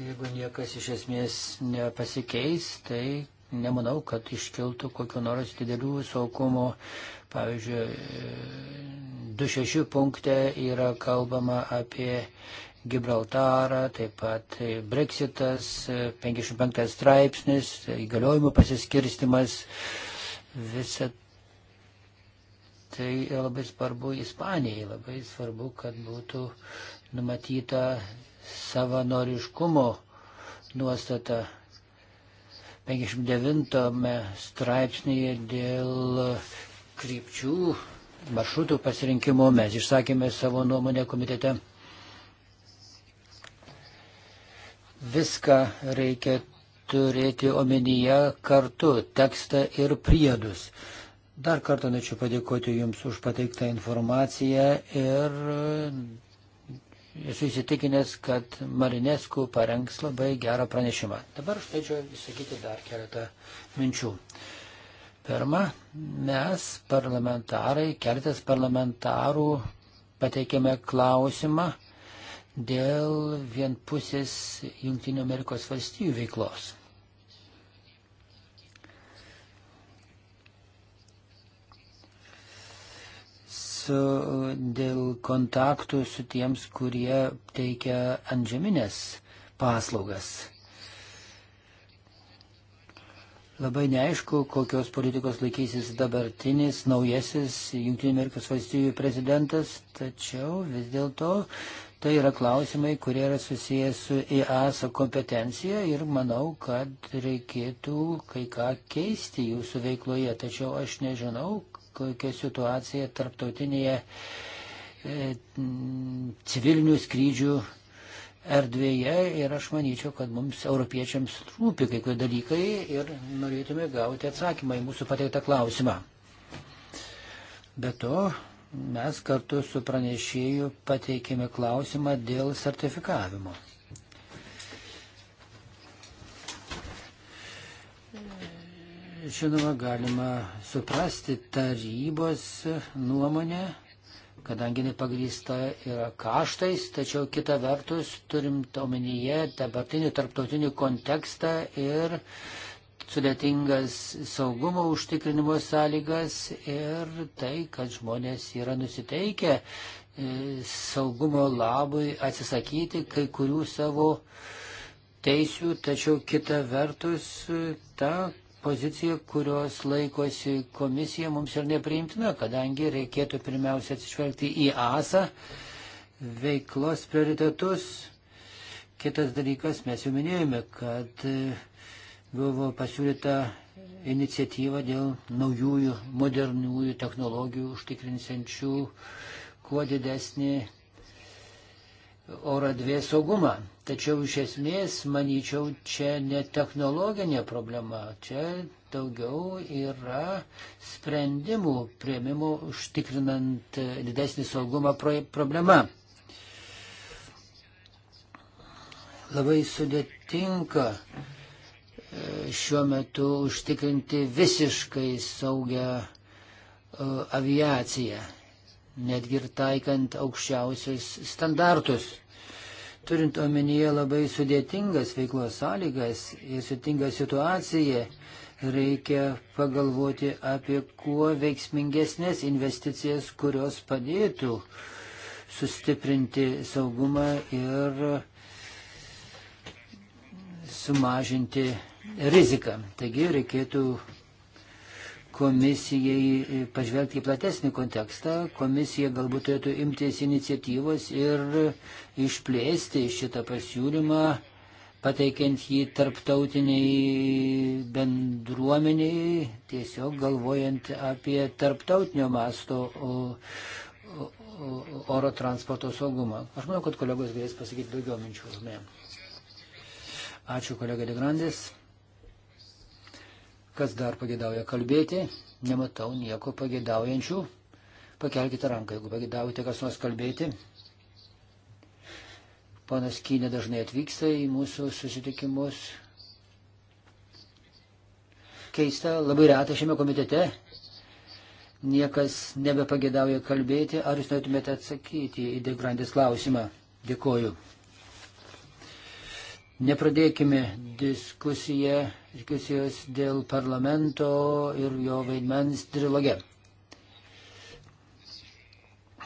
Jeigu niekas iš esmės nepasikeis, tai nemanau, kad iškiltų kokiu nors didelių saugumo. Pavyzdžiui, 26 e, punkte yra kalbama apie Gibraltarą, taip pat e, Brexitas, 55 e, straipsnis, e, įgaliojimų pasiskirstimas, visa tai yra labai svarbu Ispanijai, labai svarbu, kad būtų numatyta savanoriškumo nuostata 59 straipsnėje dėl krypčių maršrutų pasirinkimo mes išsakėme savo nuomonę komitete. Viską reikia turėti omenyje kartu tekstą ir priedus. Dar kartą norėčiau padėkoti Jums už pateiktą informaciją ir esu įsitikinęs, kad Marinesku parengs labai gerą pranešimą. Dabar aš norėčiau įsakyti dar keletą minčių. Pirma, mes parlamentarai, keletas parlamentarų pateikėme klausimą dėl vienpusės Junktinių Amerikos valstijų veiklos. Su, dėl kontaktų su tiems, kurie teikia antžeminės paslaugas. Labai neaišku, kokios politikos laikysis dabartinis naujasis Junktinių Amerikos valstybių prezidentas, tačiau vis dėlto Tai yra klausimai, kurie yra susijęs su EASO kompetencija ir manau, kad reikėtų kai ką keisti jūsų veikloje. Tačiau aš nežinau, kokia situacija tarptautinėje e, civilinių skrydžių erdvėje ir aš manyčiau, kad mums europiečiams rūpi kai kurie dalykai ir norėtume gauti atsakymą į mūsų pateiktą klausimą. Be to, mes kartu su pranešėju pateikėme klausimą dėl sertifikavimo. Žinoma, galima suprasti tarybos nuomonę, kadangi nepagrįsta yra kaštais, tačiau kita vertus turim omenyje dabartinį tarptautinį kontekstą ir uh, sudėtingas saugumo užtikrinimo sąlygas ir tai, kad žmonės yra nusiteikę e, saugumo labui atsisakyti kai kurių savo teisių, tačiau kita vertus e, ta pozicija, kurios laikosi komisija, mums ir nepriimtina, kadangi reikėtų pirmiausia atsižvelgti į ASA veiklos prioritetus. Kitas dalykas, mes jau minėjome, kad e, buvo pasiūlyta iniciatyva dėl naujųjų, moderniųjų technologijų užtikrinsiančių kuo didesnį oro dvies saugumą. Tačiau iš esmės, manyčiau, čia ne technologinė problema, čia daugiau yra sprendimų prieimimo užtikrinant didesnį saugumą problema. Labai sudėtinga šiuo metu užtikrinti visiškai saugią e, aviaciją, netgi ir taikant aukščiausius standartus. Turint omenyje labai sudėtingas veiklos sąlygas ir sudėtingą situaciją, reikia pagalvoti apie kuo veiksmingesnės investicijas, kurios padėtų sustiprinti saugumą ir sumažinti riziką. Taigi reikėtų komisijai e, pažvelgti į platesnį kontekstą. Komisija galbūt turėtų imtis iniciatyvos ir išplėsti šitą pasiūlymą, pateikiant jį tarptautiniai bendruomeniai, tiesiog galvojant apie tarptautinio masto oro transporto saugumą. Aš manau, kad kolegos galės pasakyti daugiau minčių už mane. Ačiū kolega Degrandės. Kas dar pagėdauja kalbėti? Nematau nieko pagėdaujančių. Pakelkite ranką, jeigu pagėdaujate kas nors kalbėti. Panas Kynė dažnai atvyksta į mūsų susitikimus. Keista, labai reta šiame komitete. Niekas nebepagėdauja kalbėti. Ar jūs norėtumėte atsakyti į Degrandės klausimą? Dėkoju. Nepradėkime diskusiją, diskusijos dėl parlamento ir jo vaidmens trilogė.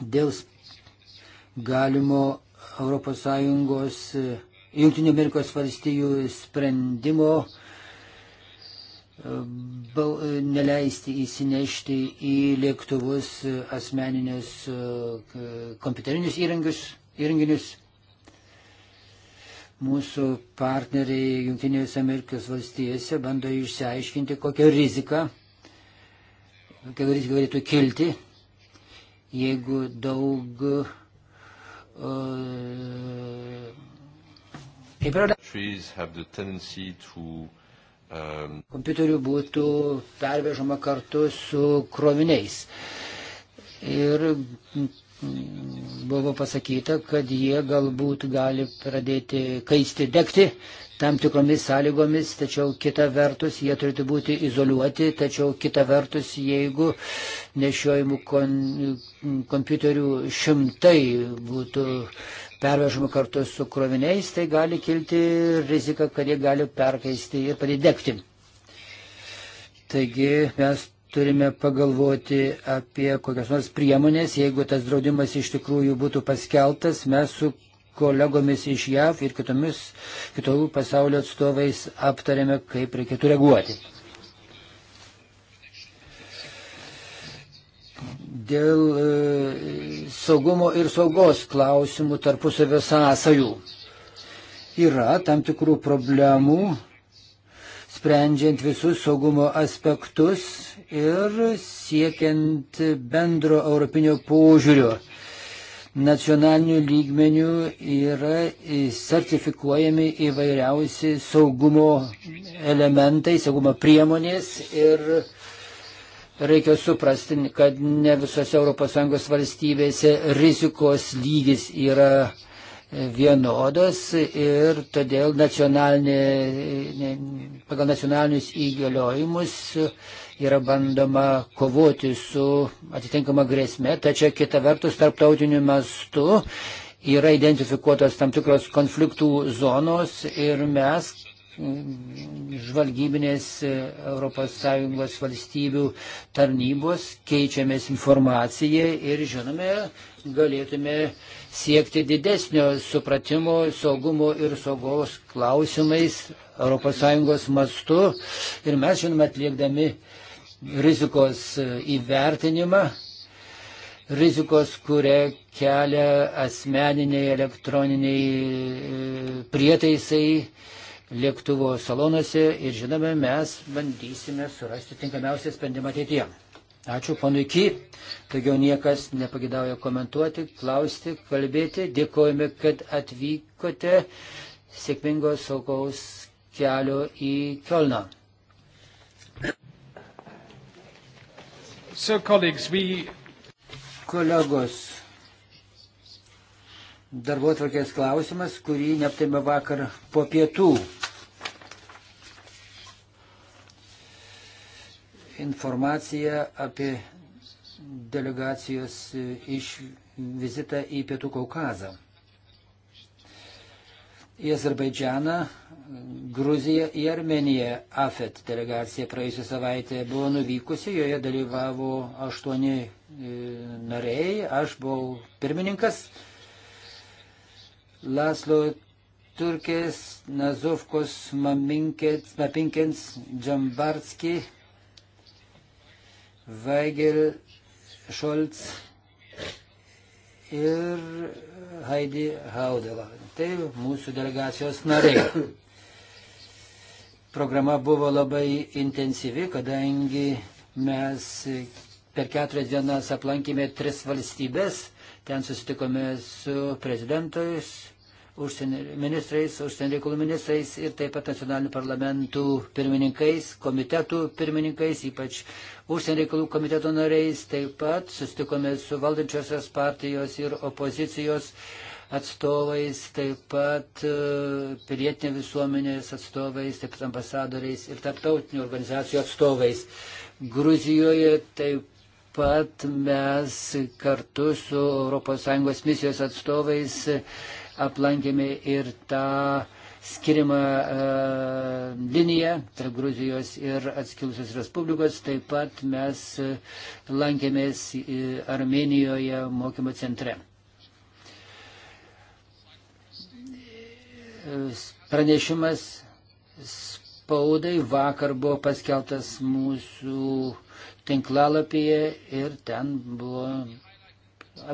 Dėl galimo ES Junktinių Amerikos valstijų sprendimo neleisti įsinešti į lėktuvus asmeninius kompiuterinius įrangius, įrenginius. Mūsų partneriai Junktinėse Amerikos valstijose bando išsiaiškinti, kokią riziką, kokią riziką galėtų kilti, jeigu daug. Uh, kaip yra. Um, kompiuterių būtų pervežama kartu su kroviniais. Ir buvo pasakyta, kad jie galbūt gali pradėti kaisti degti tam tikromis sąlygomis, tačiau kita vertus jie turėtų būti izoliuoti, tačiau kita vertus jeigu nešiojimų kon, kompiuterių šimtai būtų pervežama kartu su kroviniais, tai gali kilti rizika, kad jie gali perkaisti ir padėti degti. Taigi mes turime pagalvoti apie kokias nors priemonės. Jeigu tas draudimas iš tikrųjų būtų paskeltas, mes su kolegomis iš JAV ir kitomis kitų pasaulio atstovais aptarėme, kaip reikėtų reaguoti. Dėl e, saugumo ir saugos klausimų tarpusavio sąsajų yra tam tikrų problemų sprendžiant visus saugumo aspektus ir siekiant bendro europinio požiūrio. Nacionalinių lygmenių yra sertifikuojami įvairiausi saugumo elementai, saugumo priemonės ir reikia suprasti, kad ne visose ES valstybėse rizikos lygis yra uh, vienodos ir todėl nacionalinė, pagal nacionalinius įgaliojimus yra bandoma kovoti su atitinkama grėsme, tačiau kita vertus tarptautiniu mastu yra identifikuotos tam tikros konfliktų zonos ir mes žvalgybinės ES valstybių tarnybos keičiamės informaciją ir žinome, galėtume uh, siekti didesnio supratimo saugumo ir saugos klausimais ES mastu. Ir mes, žinoma, atliekdami rizikos e, įvertinimą, rizikos, kurią kelia asmeniniai elektroniniai e, prietaisai lėktuvo salonuose ir žinome, mes bandysime surasti tinkamiausią sprendimą ateityje. Ačiū ponui Ky. Daugiau niekas nepagidauja komentuoti, klausti, kalbėti. Dėkojame, kad atvykote. Sėkmingo saugaus kelio į Kielną. So, colleagues, we... Kolegos, darbo tvarkės klausimas, kurį neaptėme vakar po pietų. informaciją apie delegacijos e, iš vizitą į Pietų Kaukazą. Į Azerbaidžianą, Gruziją, į Armeniją AFET delegacija praėjusią savaitę buvo nuvykusi, joje dalyvavo aštuoni e, nariai, aš buvau pirmininkas. Laslo Turkės, Nazovkos, Mapinkens, Džambarski, Weigel, Šolc ir Heidi Haudela. Tai mūsų delegacijos nariai. Programa buvo labai intensyvi, kadangi mes per keturias dienas aplankėme tris valstybės. Ten susitikome su prezidentais, užsienio ministrais, užsienio reikalų ministrais ir taip pat nacionalinių parlamentų pirmininkais, komitetų pirmininkais, ypač užsienio reikalų komiteto nariais. Taip pat sustikome su valdančiosios partijos ir opozicijos atstovais, taip pat e, pilietinė visuomenės atstovais, taip pat ambasadoriais ir tarptautinių organizacijų atstovais. Gruzijoje taip pat mes kartu su ES misijos atstovais aplankėme ir tą skiriamą e, liniją tarp Gruzijos ir atskilusios Respublikos. Taip pat mes e, lankėmės e, Armenijoje mokymo centre. E, pranešimas spaudai vakar buvo paskeltas mūsų tinklalapyje ir ten buvo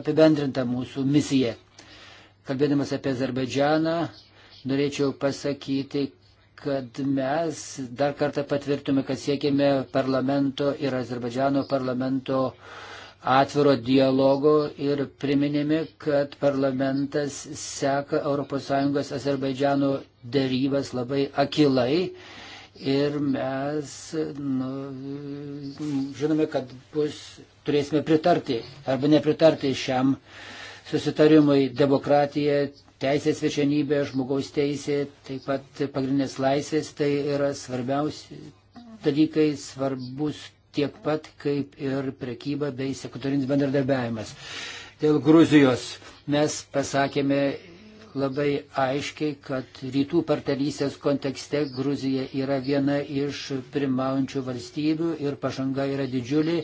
apibendrinta mūsų misija kalbėdamas apie Azerbaidžianą, norėčiau pasakyti, kad mes dar kartą patvirtume, kad siekėme parlamento ir Azerbaidžiano parlamento atviro dialogo ir priminėme, kad parlamentas seka ES Azerbaidžiano dėrybas labai akilai. Ir mes nu, žinome, kad bus, turėsime pritarti arba nepritarti šiam uh, susitarimui demokratija, teisės viešenybė, žmogaus teisė, taip pat pagrindinės laisvės, tai yra svarbiausi dalykai, svarbus tiek pat kaip ir prekyba bei sektorinis bendradarbiavimas. Dėl Gruzijos mes pasakėme labai aiškiai, kad rytų partnerystės kontekste Gruzija yra viena iš pirmaujančių valstybių ir pažanga yra didžiulė.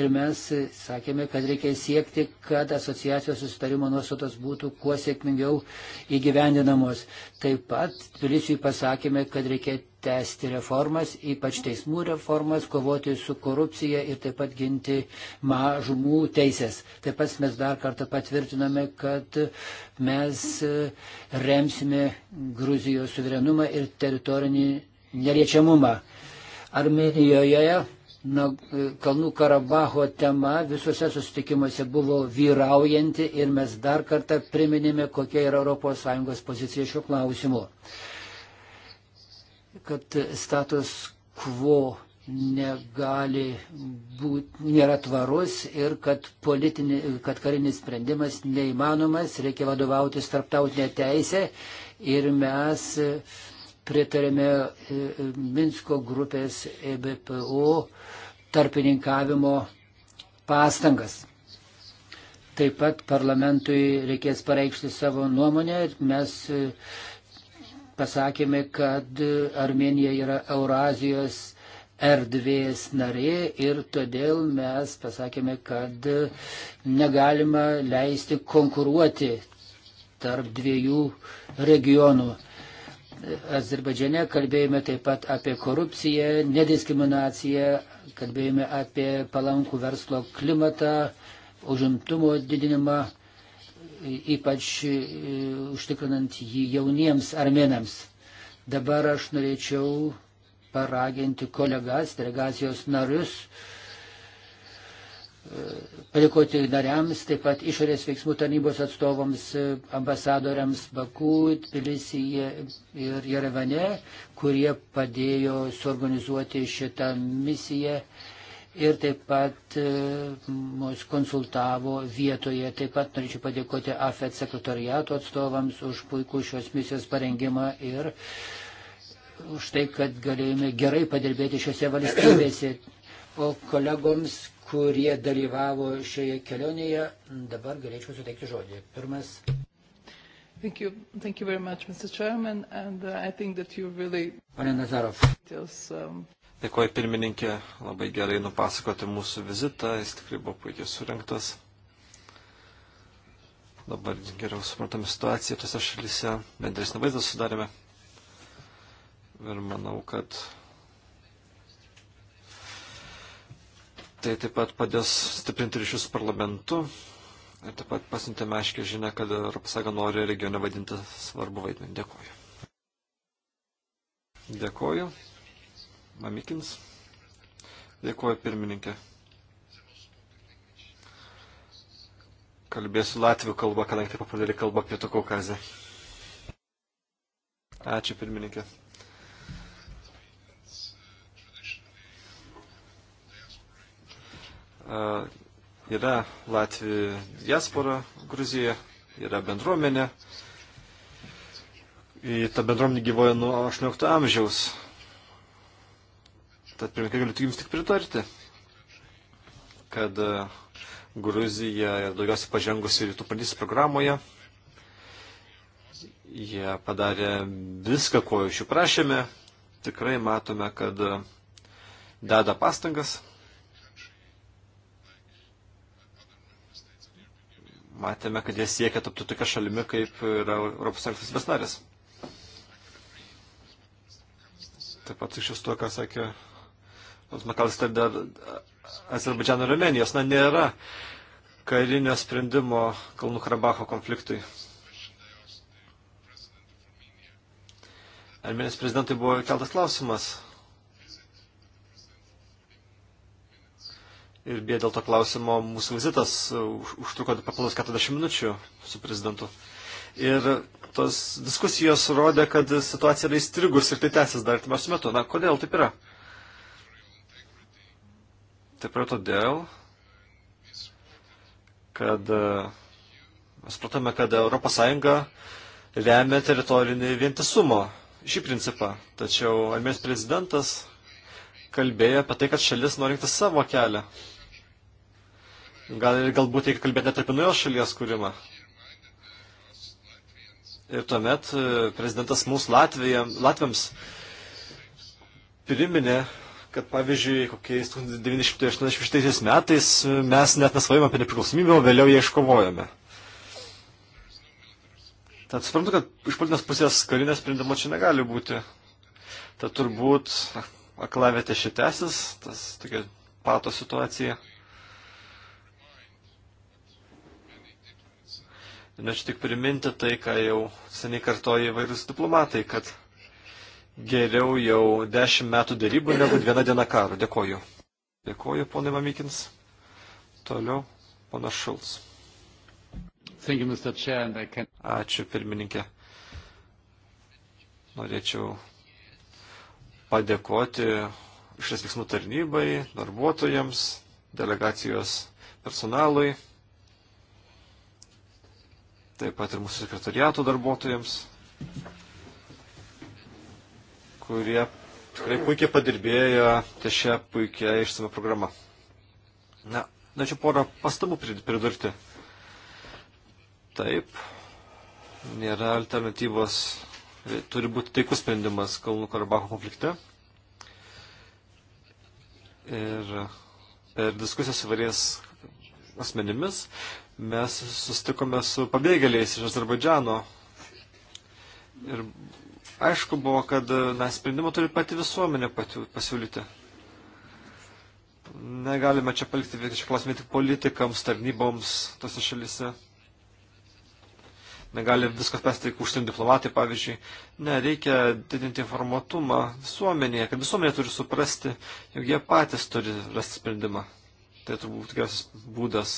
Ir mes sakėme, kad reikia siekti, kad asociacijos sustarimo nuostatos būtų kuo sėkmingiau įgyvendinamos. Taip pat Tbilisiui pasakėme, kad reikia tęsti reformas, ypač teismų reformas, kovoti su korupcija ir taip pat ginti mažumų teisės. Taip pat mes dar kartą patvirtiname, kad mes e, remsime Gruzijos suverenumą ir teritorinį neliečiamumą. Armenijoje na, e, Kalnų Karabaho tema visuose susitikimuose buvo vyraujanti ir mes dar kartą priminėme, kokia yra ES pozicija šiuo klausimu kad status quo negali būti, nėra tvarus ir kad, politinė, kad karinis sprendimas neįmanomas, reikia vadovautis tarptautinė teisė ir mes pritarėme e, e, Minsko grupės EBPO tarpininkavimo pastangas. Taip pat parlamentui reikės pareikšti savo nuomonę ir mes e, pasakėme, kad Armenija yra Eurazijos erdvės narė ir todėl mes pasakėme, kad negalima leisti konkuruoti tarp dviejų regionų. Azerbaidžiane kalbėjome taip pat apie korupciją, nediskriminaciją, kalbėjome apie palankų verslo klimatą, užimtumo didinimą, ypač e, užtikrinant jį jauniems armenams. Dabar aš norėčiau paraginti kolegas, delegacijos narius, e, padėkoti nariams, taip pat išorės veiksmų tarnybos atstovams, e, ambasadoriams Baku, Tbilisyje ir Jerevane, kurie padėjo suorganizuoti šitą misiją ir taip pat e, mus konsultavo vietoje. Taip pat norėčiau padėkoti AFET sekretariato atstovams už puikų šios misijos parengimą ir už tai, kad galėjome gerai padirbėti šiuose valstybėse. O kolegoms, kurie dalyvavo šioje kelionėje, dabar galėčiau suteikti žodį. Pirmas. Thank you. Thank you very much, Mr. Chairman, and uh, I think that you really... Pane Nazarov. Details, um... Dėkuoju pirmininkė, labai gerai nupasakoti mūsų vizitą, jis tikrai buvo puikiai surinktas. Dabar geriau supratome situaciją tose šalyse, bendresnį vaizdą sudarėme. Ir manau, kad tai taip pat padės stiprinti ryšius su parlamentu. Ir taip pat pasintėme aiškiai žinę, kad ES nori regione vadinti svarbu vaidmenį. Dėkuoju. Dėkuoju. Mamikins. Dėkuoju pirmininkė. Kalbėsiu latvių kalbą, kadangi taip papradėlį kalbą pietų Kaukazė. Ačiū pirmininkė. Uh, yra Latvijų diaspora Gruzijoje, yra bendruomenė. Į tą bendruomenį gyvoja nuo 18 amžiaus. Tad pirmininkai galiu jums tik pritarti, kad e, Gruzija yra daugiausiai pažengusi rytų partnerystės programoje. Jie padarė viską, ko iš jų prašėme. Tikrai matome, kad e, deda pastangas. Matėme, kad jie siekia tapti tokia šalimi, kaip yra Europos Sąjungos besnarės. Taip pat iš to, ką sakė paklausti dar Azerbaidžiano ir Armenijos. Na, nėra karinio sprendimo Kalnų Karabacho konfliktui. Armenijos prezidentui buvo keltas klausimas. Ir bėdė dėl to klausimo mūsų vizitas užtruko papilus 40 minučių su prezidentu. Ir tos diskusijos rodė, kad situacija yra įstrigus ir tai tęsis dar artimiausiu metu. Na, kodėl taip yra? Taip ir todėl, kad e, mes pratome, kad ES remia teritorinį vientisumą, šį principą. Tačiau Armės prezidentas kalbėjo apie tai, kad šalis nori rinkti savo kelią. Gal ir galbūt reikia kalbėti net apie naujos šalies kūrimą. Ir tuomet e, prezidentas mūsų Latvijams priminė kad pavyzdžiui, kokiais 1986 metais mes net nesvajome apie nepriklausomybę, o vėliau ją iškovojome. Tad suprantu, kad iš politinės pusės karinės sprendimo čia negali būti. Tad turbūt aklavėte šitęsis, tas tokia pato situacija. Norėčiau tik priminti tai, ką jau seniai kartoja įvairūs diplomatai, kad geriau jau dešimt metų darybų negu viena diena karo. Dėkoju. Dėkoju, ponai Mamikins. Toliau, ponas Šulc. Ačiū, pirmininkė. Norėčiau padėkoti išės veiksmų tarnybai, darbuotojams, delegacijos personalui, taip pat ir mūsų sekretariato darbuotojams kurie tikrai puikiai padirbėjo ties šią puikią išsame programą. Na, norėčiau porą pastabų pridurti. Taip, nėra alternatyvos, e, turi būti taikus sprendimas Kalnų Karabacho konflikte. Ir per diskusiją su varės asmenimis mes susitikome su pabėgėliais iš Azerbaidžiano ir Aišku buvo, kad e, na, sprendimą turi pati visuomenė pati pasiūlyti. Negalime čia palikti šį klausimą tik politikams, tarnyboms tose šalise. Negali viskas pesti tik užsienio diplomatai, pavyzdžiui. Ne, reikia didinti informatumą visuomenėje, kad visuomenė turi suprasti, jog jie patys turi rasti sprendimą. Tai turbūt tikriausias būdas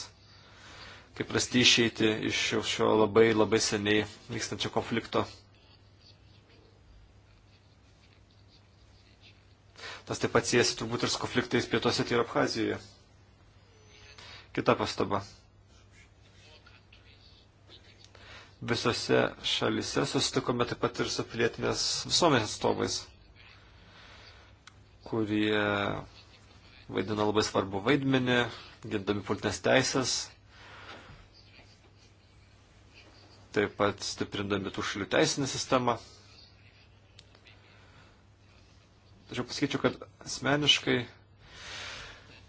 kaip rasti išeiti iš šio labai labai seniai vykstančio konflikto. Tas taip pat siejasi turbūt ir su konfliktais pietuose ir Abhazijoje. Kita pastaba. Visose šalise susitikome taip pat ir su pilietinės visuomenės atstovais, kurie vaidina labai svarbu vaidmenį, gindami politinės teisės, taip pat stiprindami tų šalių teisinę sistemą. Tačiau pasakyčiau, kad asmeniškai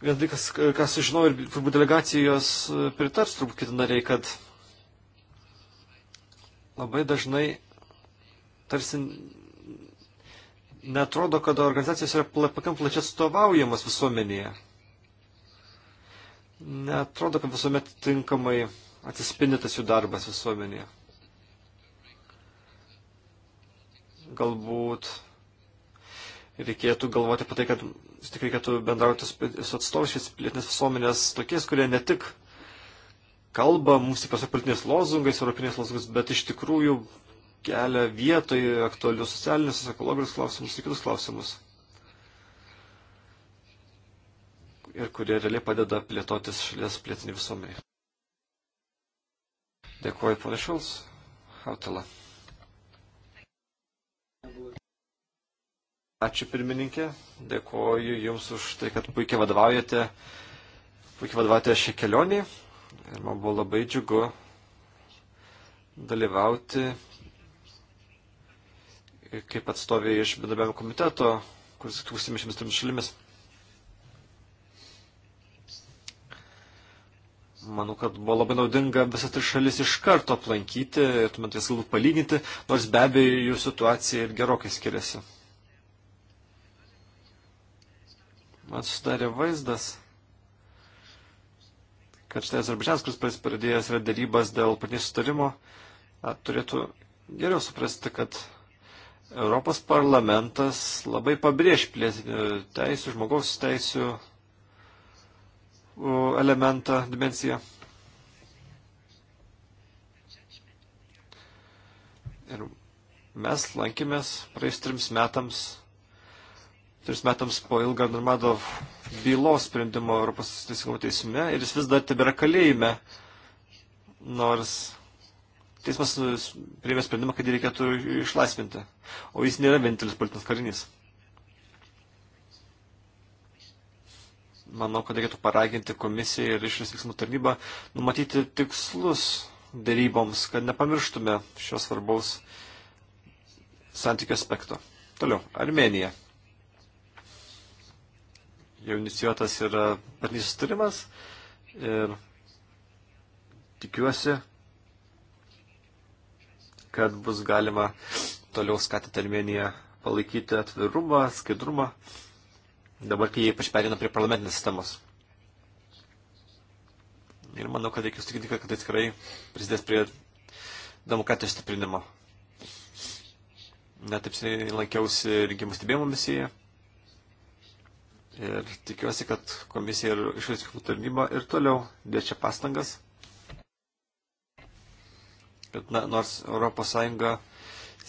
vienas dalykas, ką sužinojau ir turbūt delegacijos e, pritars turbūt kiti nariai, kad labai dažnai tarsi netrodo, kad organizacijos yra pakam plačiai atstovaujamas visuomenėje. Netrodo, kad visuomet tinkamai atsispindi tas jų darbas visuomenėje. Galbūt reikėtų galvoti apie tai, kad tik reikėtų bendrauti su atstovais pilietinės visuomenės tokiais, kurie ne tik kalba mums įprasta politiniais lozungais, europiniais lozungais, bet iš tikrųjų kelia vietoje aktualius socialinius, ekologinius klausimus ir kitus klausimus. Ir kurie realiai padeda plėtotis šalies plėtinį visuomenį. Dėkuoju, panašaus. Hautela. Ačiū pirmininkė, dėkoju Jums už tai, kad puikiai vadovaujate, puikiai vadovaujate šią kelionį. Ir man buvo labai džiugu dalyvauti kaip atstovė iš bendrabiavimo komiteto, kuris tūkstami šiomis trimis šalimis. Manau, kad buvo labai naudinga visas tris šalis iš karto aplankyti ir tuomet jas galbūt palyginti, nors be abejo jų situacija ir gerokai skiriasi. Man susidarė vaizdas, kad štai Azerbaidžianas, kuris pradėjęs yra darybas dėl paties sutarimo, turėtų geriau suprasti, kad Europos parlamentas labai pabrėž teisų, žmogaus teisų elementą, dimensiją. Ir mes lankėmės praeis trims metams trims metams po ilgą Nurmado bylos sprendimo Europos teisingumo teisme ir jis vis dar tebėra kalėjime, nors teismas priėmė sprendimą, kad jį reikėtų išlaisvinti, o jis nėra vienintelis politinis karinys. Manau, kad reikėtų paraginti komisiją ir išorės veiksmų tarnybą numatyti tikslus dėryboms, kad nepamirštume šios svarbaus santykių aspekto. Toliau, Armenija jau inicijuotas yra partnerystės sutarimas ir tikiuosi, kad bus galima toliau skatinti Armeniją palaikyti atvirumą, skaidrumą, dabar kai jie ypač perina prie parlamentinės sistemos. Ir manau, kad reikia sutikinti, kad tai tikrai prisidės prie demokratijos stiprinimo. Netaip seniai lankiausi rinkimų stebėjimo misijoje Ir tikiuosi, kad komisija ir išvaizdikų tarnyba ir toliau dėčia pastangas, kad na, nors ES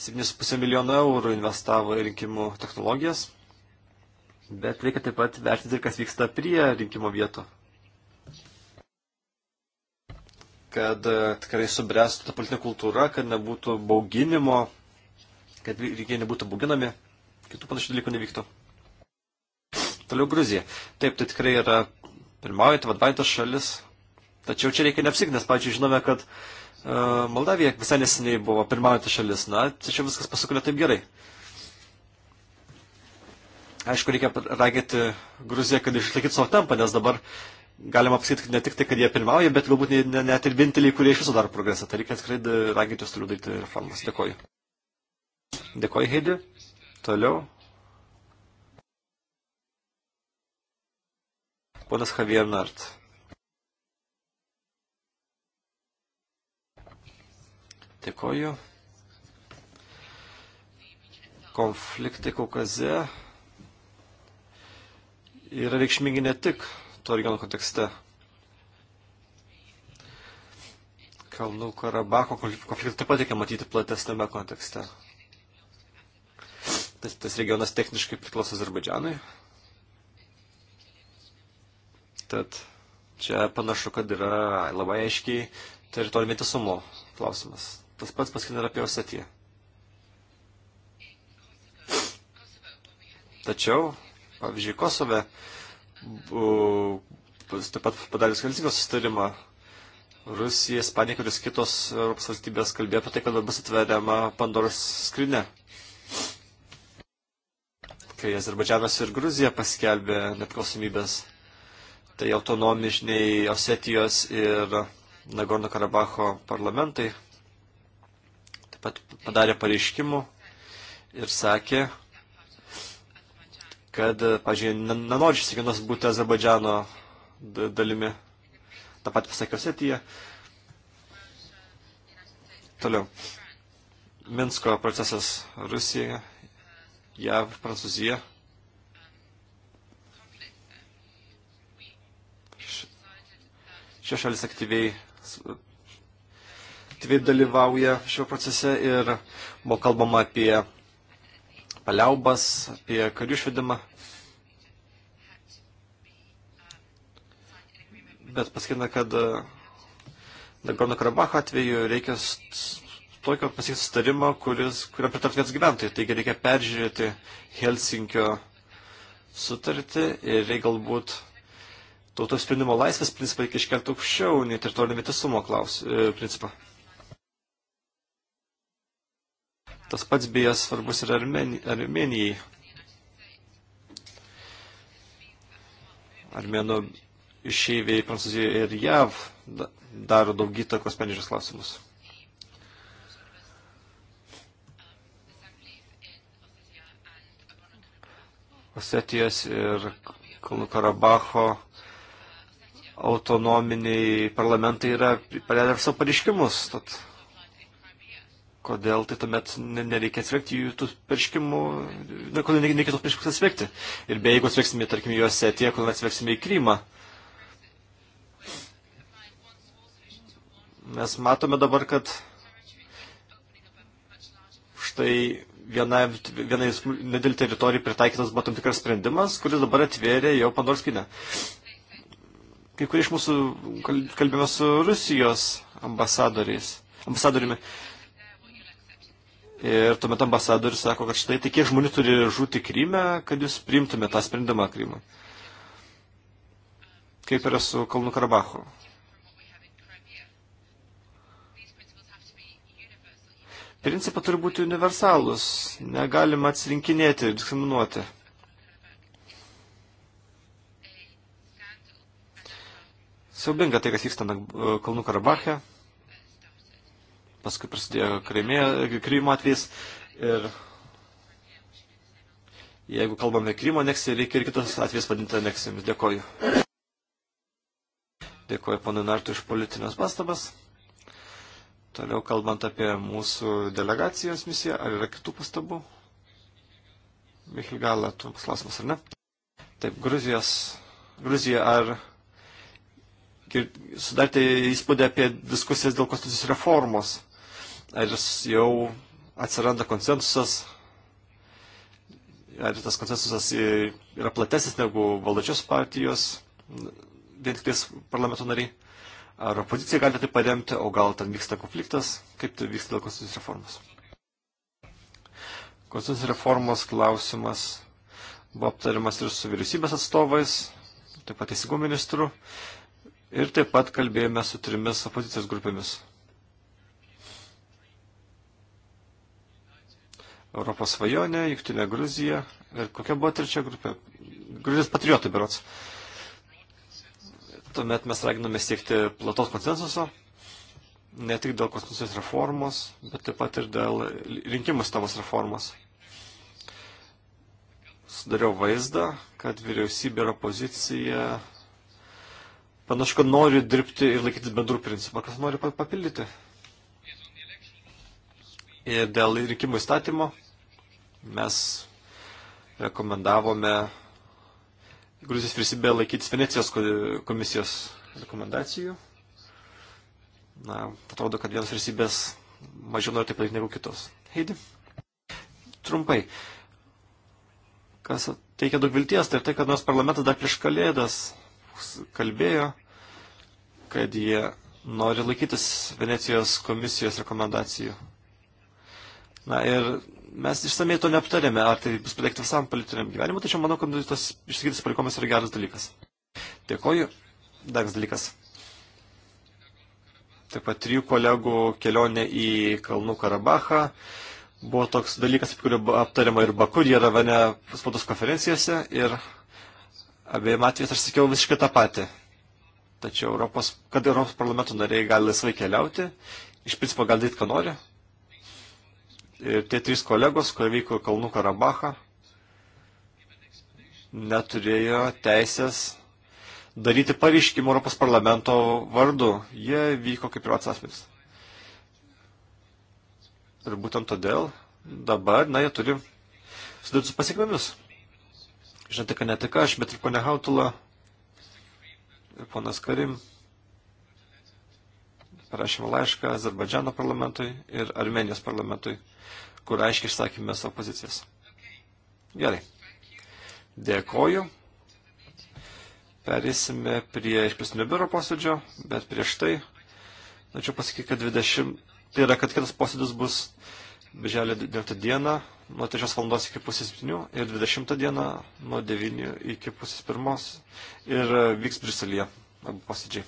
7,5 milijono eurų investavo į rinkimų technologijas, bet reikia taip pat vertinti, kas vyksta prie rinkimo vietų. Kad e, tikrai subręstų ta politinė kultūra, kad nebūtų bauginimo, kad rinkėjai nebūtų bauginami, kitų panašių dalykų nevyktų. Toliau Gruzija. Taip, tai tikrai yra pirmaujantį, tai vadovaujantis šalis. Tačiau čia reikia neapsigti, nes, pavyzdžiui, žinome, kad uh, Moldavija visai neseniai buvo pirmaujantis šalis. Na, tačiau viskas pasukulė taip gerai. Aišku, reikia raginti Gruziją, kad išlaikytų savo tempą, nes dabar galima pasakyti, kad ne tik tai, kad jie pirmauja, bet galbūt ne, ne, net ir vieninteliai, kurie iš viso daro progresą. Tai reikia tikrai raginti juos toliau daryti reformas. Dėkoju. Dėkoju, Heidi. Toliau. Ponas Javier Nart. Dėkoju. Konfliktai Kaukaze yra reikšmingi ne tik to regiono kontekste. Kalnų Karabako konfliktą taip pat reikia matyti platesnėme kontekste. Tas, tas regionas techniškai priklauso Azerbaidžianui. Tad čia panašu, kad yra labai aiškiai teritorinio tisumo klausimas. Tas pats paskina ir apie Osetiją. Tačiau, pavyzdžiui, Kosove taip pat padarius Helsinkio sustarimą, Rusija, Ispanija, kuris kitos Europos valstybės kalbėjo apie tai, kad bus atveriama Pandoros skrinė. Kai Azerbaidžianas ir Gruzija paskelbė nepriklausomybės Tai autonomišniai Osetijos ir Nagorno Karabaho parlamentai taip pat padarė pareiškimų ir sakė, kad, pažiūrėjau, nenori šis kiekvienas būti Azerbaidžiano dalimi. Ta pat pasakė Osetija. Toliau. Minsko procesas Rusija, JAV, Prancūzija. Šie šalis aktyviai, aktyviai dalyvauja šio procese ir buvo kalbama apie paliaubas, apie karių išvedimą. Bet pasakyna, kad Nagorno Karabacho atveju reikia tokio pasiekti sustarimo, kuris, kurio pritartų vietos gyventojai. Taigi reikia peržiūrėti Helsinkio sutartį ir reikia galbūt tautos sprendimo laisvės principą reikia iškelti aukščiau, nei teritorinio vietisumo klaus, e, principą. Tas pats beje svarbus ir Armeni, Armenijai. Armėnų išeiviai Prancūzijoje ir JAV daro daug įtakos sprendžius klausimus. Osetijos ir Kalnų Karabacho autonominiai parlamentai yra paredę savo pareiškimus. Tad kodėl tai tuomet nereikia atsvegti jų tų pareiškimų, na, kodėl nereikia tos pareiškimus atsvegti. Ir beje, jeigu atsvegsime, tarkim, juos etiją, kodėl atsvegsime į Krymą. Mes matome dabar, kad štai vienai, vienai nedėl teritorijai pritaikytas buvo tam tikras sprendimas, kuris dabar atvėrė jau Pandorskinę. Kai kurie iš mūsų kalbėjome su Rusijos ambasadoriais, ambasadoriumi. Ir tuomet ambasadorius sako, kad štai tai kiek žmonių turi žūti Kryme, kad jūs priimtume tą sprendimą Krymui. Kaip yra su Kalnų Karabachu. Principai turi būti universalūs, negalima atsirinkinėti ir diskriminuoti. Siaubinga tai, kas vyksta e, Kalnų Karabache, paskui prasidėjo e, Krymo atvejs ir jeigu kalbame Krymo aneksiją, reikia ir kitos atvejs vadinti aneksijomis. Dėkoju. Dėkoju ponui Nartui iš politinės pastabas. Toliau kalbant apie mūsų delegacijos misiją, ar yra kitų pastabų? Michil Gala, trumpas klausimas, ar ne? Taip, Gruzijos, Gruzija ar sudarėte įspūdį apie diskusijas dėl konstitucijos reformos. Ar jau atsiranda konsensusas, ar tas konsensusas yra platesnis negu valdačios partijos, vien tik tais parlamento nariai, ar opozicija gali tai paremti, o gal ten vyksta konfliktas, kaip tai vyksta dėl konstitucijos reformos. Konstitucijos reformos klausimas buvo aptariamas ir su vyriausybės atstovais, taip pat teisingumo ministru. Ir taip pat kalbėjome su trimis opozicijos grupėmis. Europos svajonė, Juktinė Gruzija ir kokia buvo trečia grupė? Gruzijos patriotai berots. Tuomet mes raginame siekti platos konsensuso, ne tik dėl konstitucijos reformos, bet taip pat ir dėl rinkimų sistemos reformos. Sudariau vaizdą, kad vyriausybė ir opozicija panašu, kad nori dirbti ir laikytis bendrų principų. Kas nori papildyti? Ir dėl rinkimų įstatymo mes rekomendavome Gruzijos vyriausybė laikytis Venecijos komisijos rekomendacijų. Na, atrodo, kad vienos vyriausybės mažiau nori taip daryti negu kitos. Heidi, trumpai, kas teikia daug vilties, tai tai, kad nors parlamentas dar prieš kalėdas kalbėjo kad jie nori laikytis Venecijos komisijos rekomendacijų. Na ir mes išsamei to neaptarėme, ar tai bus pateikta visam politiniam gyvenimui, tačiau manau, kad tas išsakytas palikomas yra geras dalykas. Dėkoju. Dags dalykas. Taip pat trijų kolegų kelionė į Kalnų Karabachą. Buvo toks dalykas, apie kurį aptariama ir Bakur, jie yra vane spaudos konferencijose ir abiem atvejais aš sakiau visiškai tą patį tačiau Europos, kad Europos parlamento nariai gali laisvai keliauti, iš principo gali daryti, ką nori. Ir tie trys kolegos, kurie vyko į Kalnų Karabachą, neturėjo teisės daryti pareiškimų Europos parlamento vardu. Jie vyko kaip privats asmenys. Ir būtent todėl dabar, na, jie turi sudėti su pasiekmėmis. Žinote, kad ne tik aš, bet ir ponia Hautula ponas Karim parašėme laišką Azerbaidžiano parlamentui ir Armenijos parlamentui, kur aiškiai išsakėme savo pozicijas. Gerai. Dėkoju. Perėsime prie išplėstinio biuro posėdžio, bet prieš tai norėčiau pasakyti, kad 20, tai yra, kad kitas posėdis bus birželio 9 dieną nuo 3 valandos iki pusės 7 ir 20 dieną nuo 9 iki pusės 1 ir vyks Briuselėje abu posėdžiai.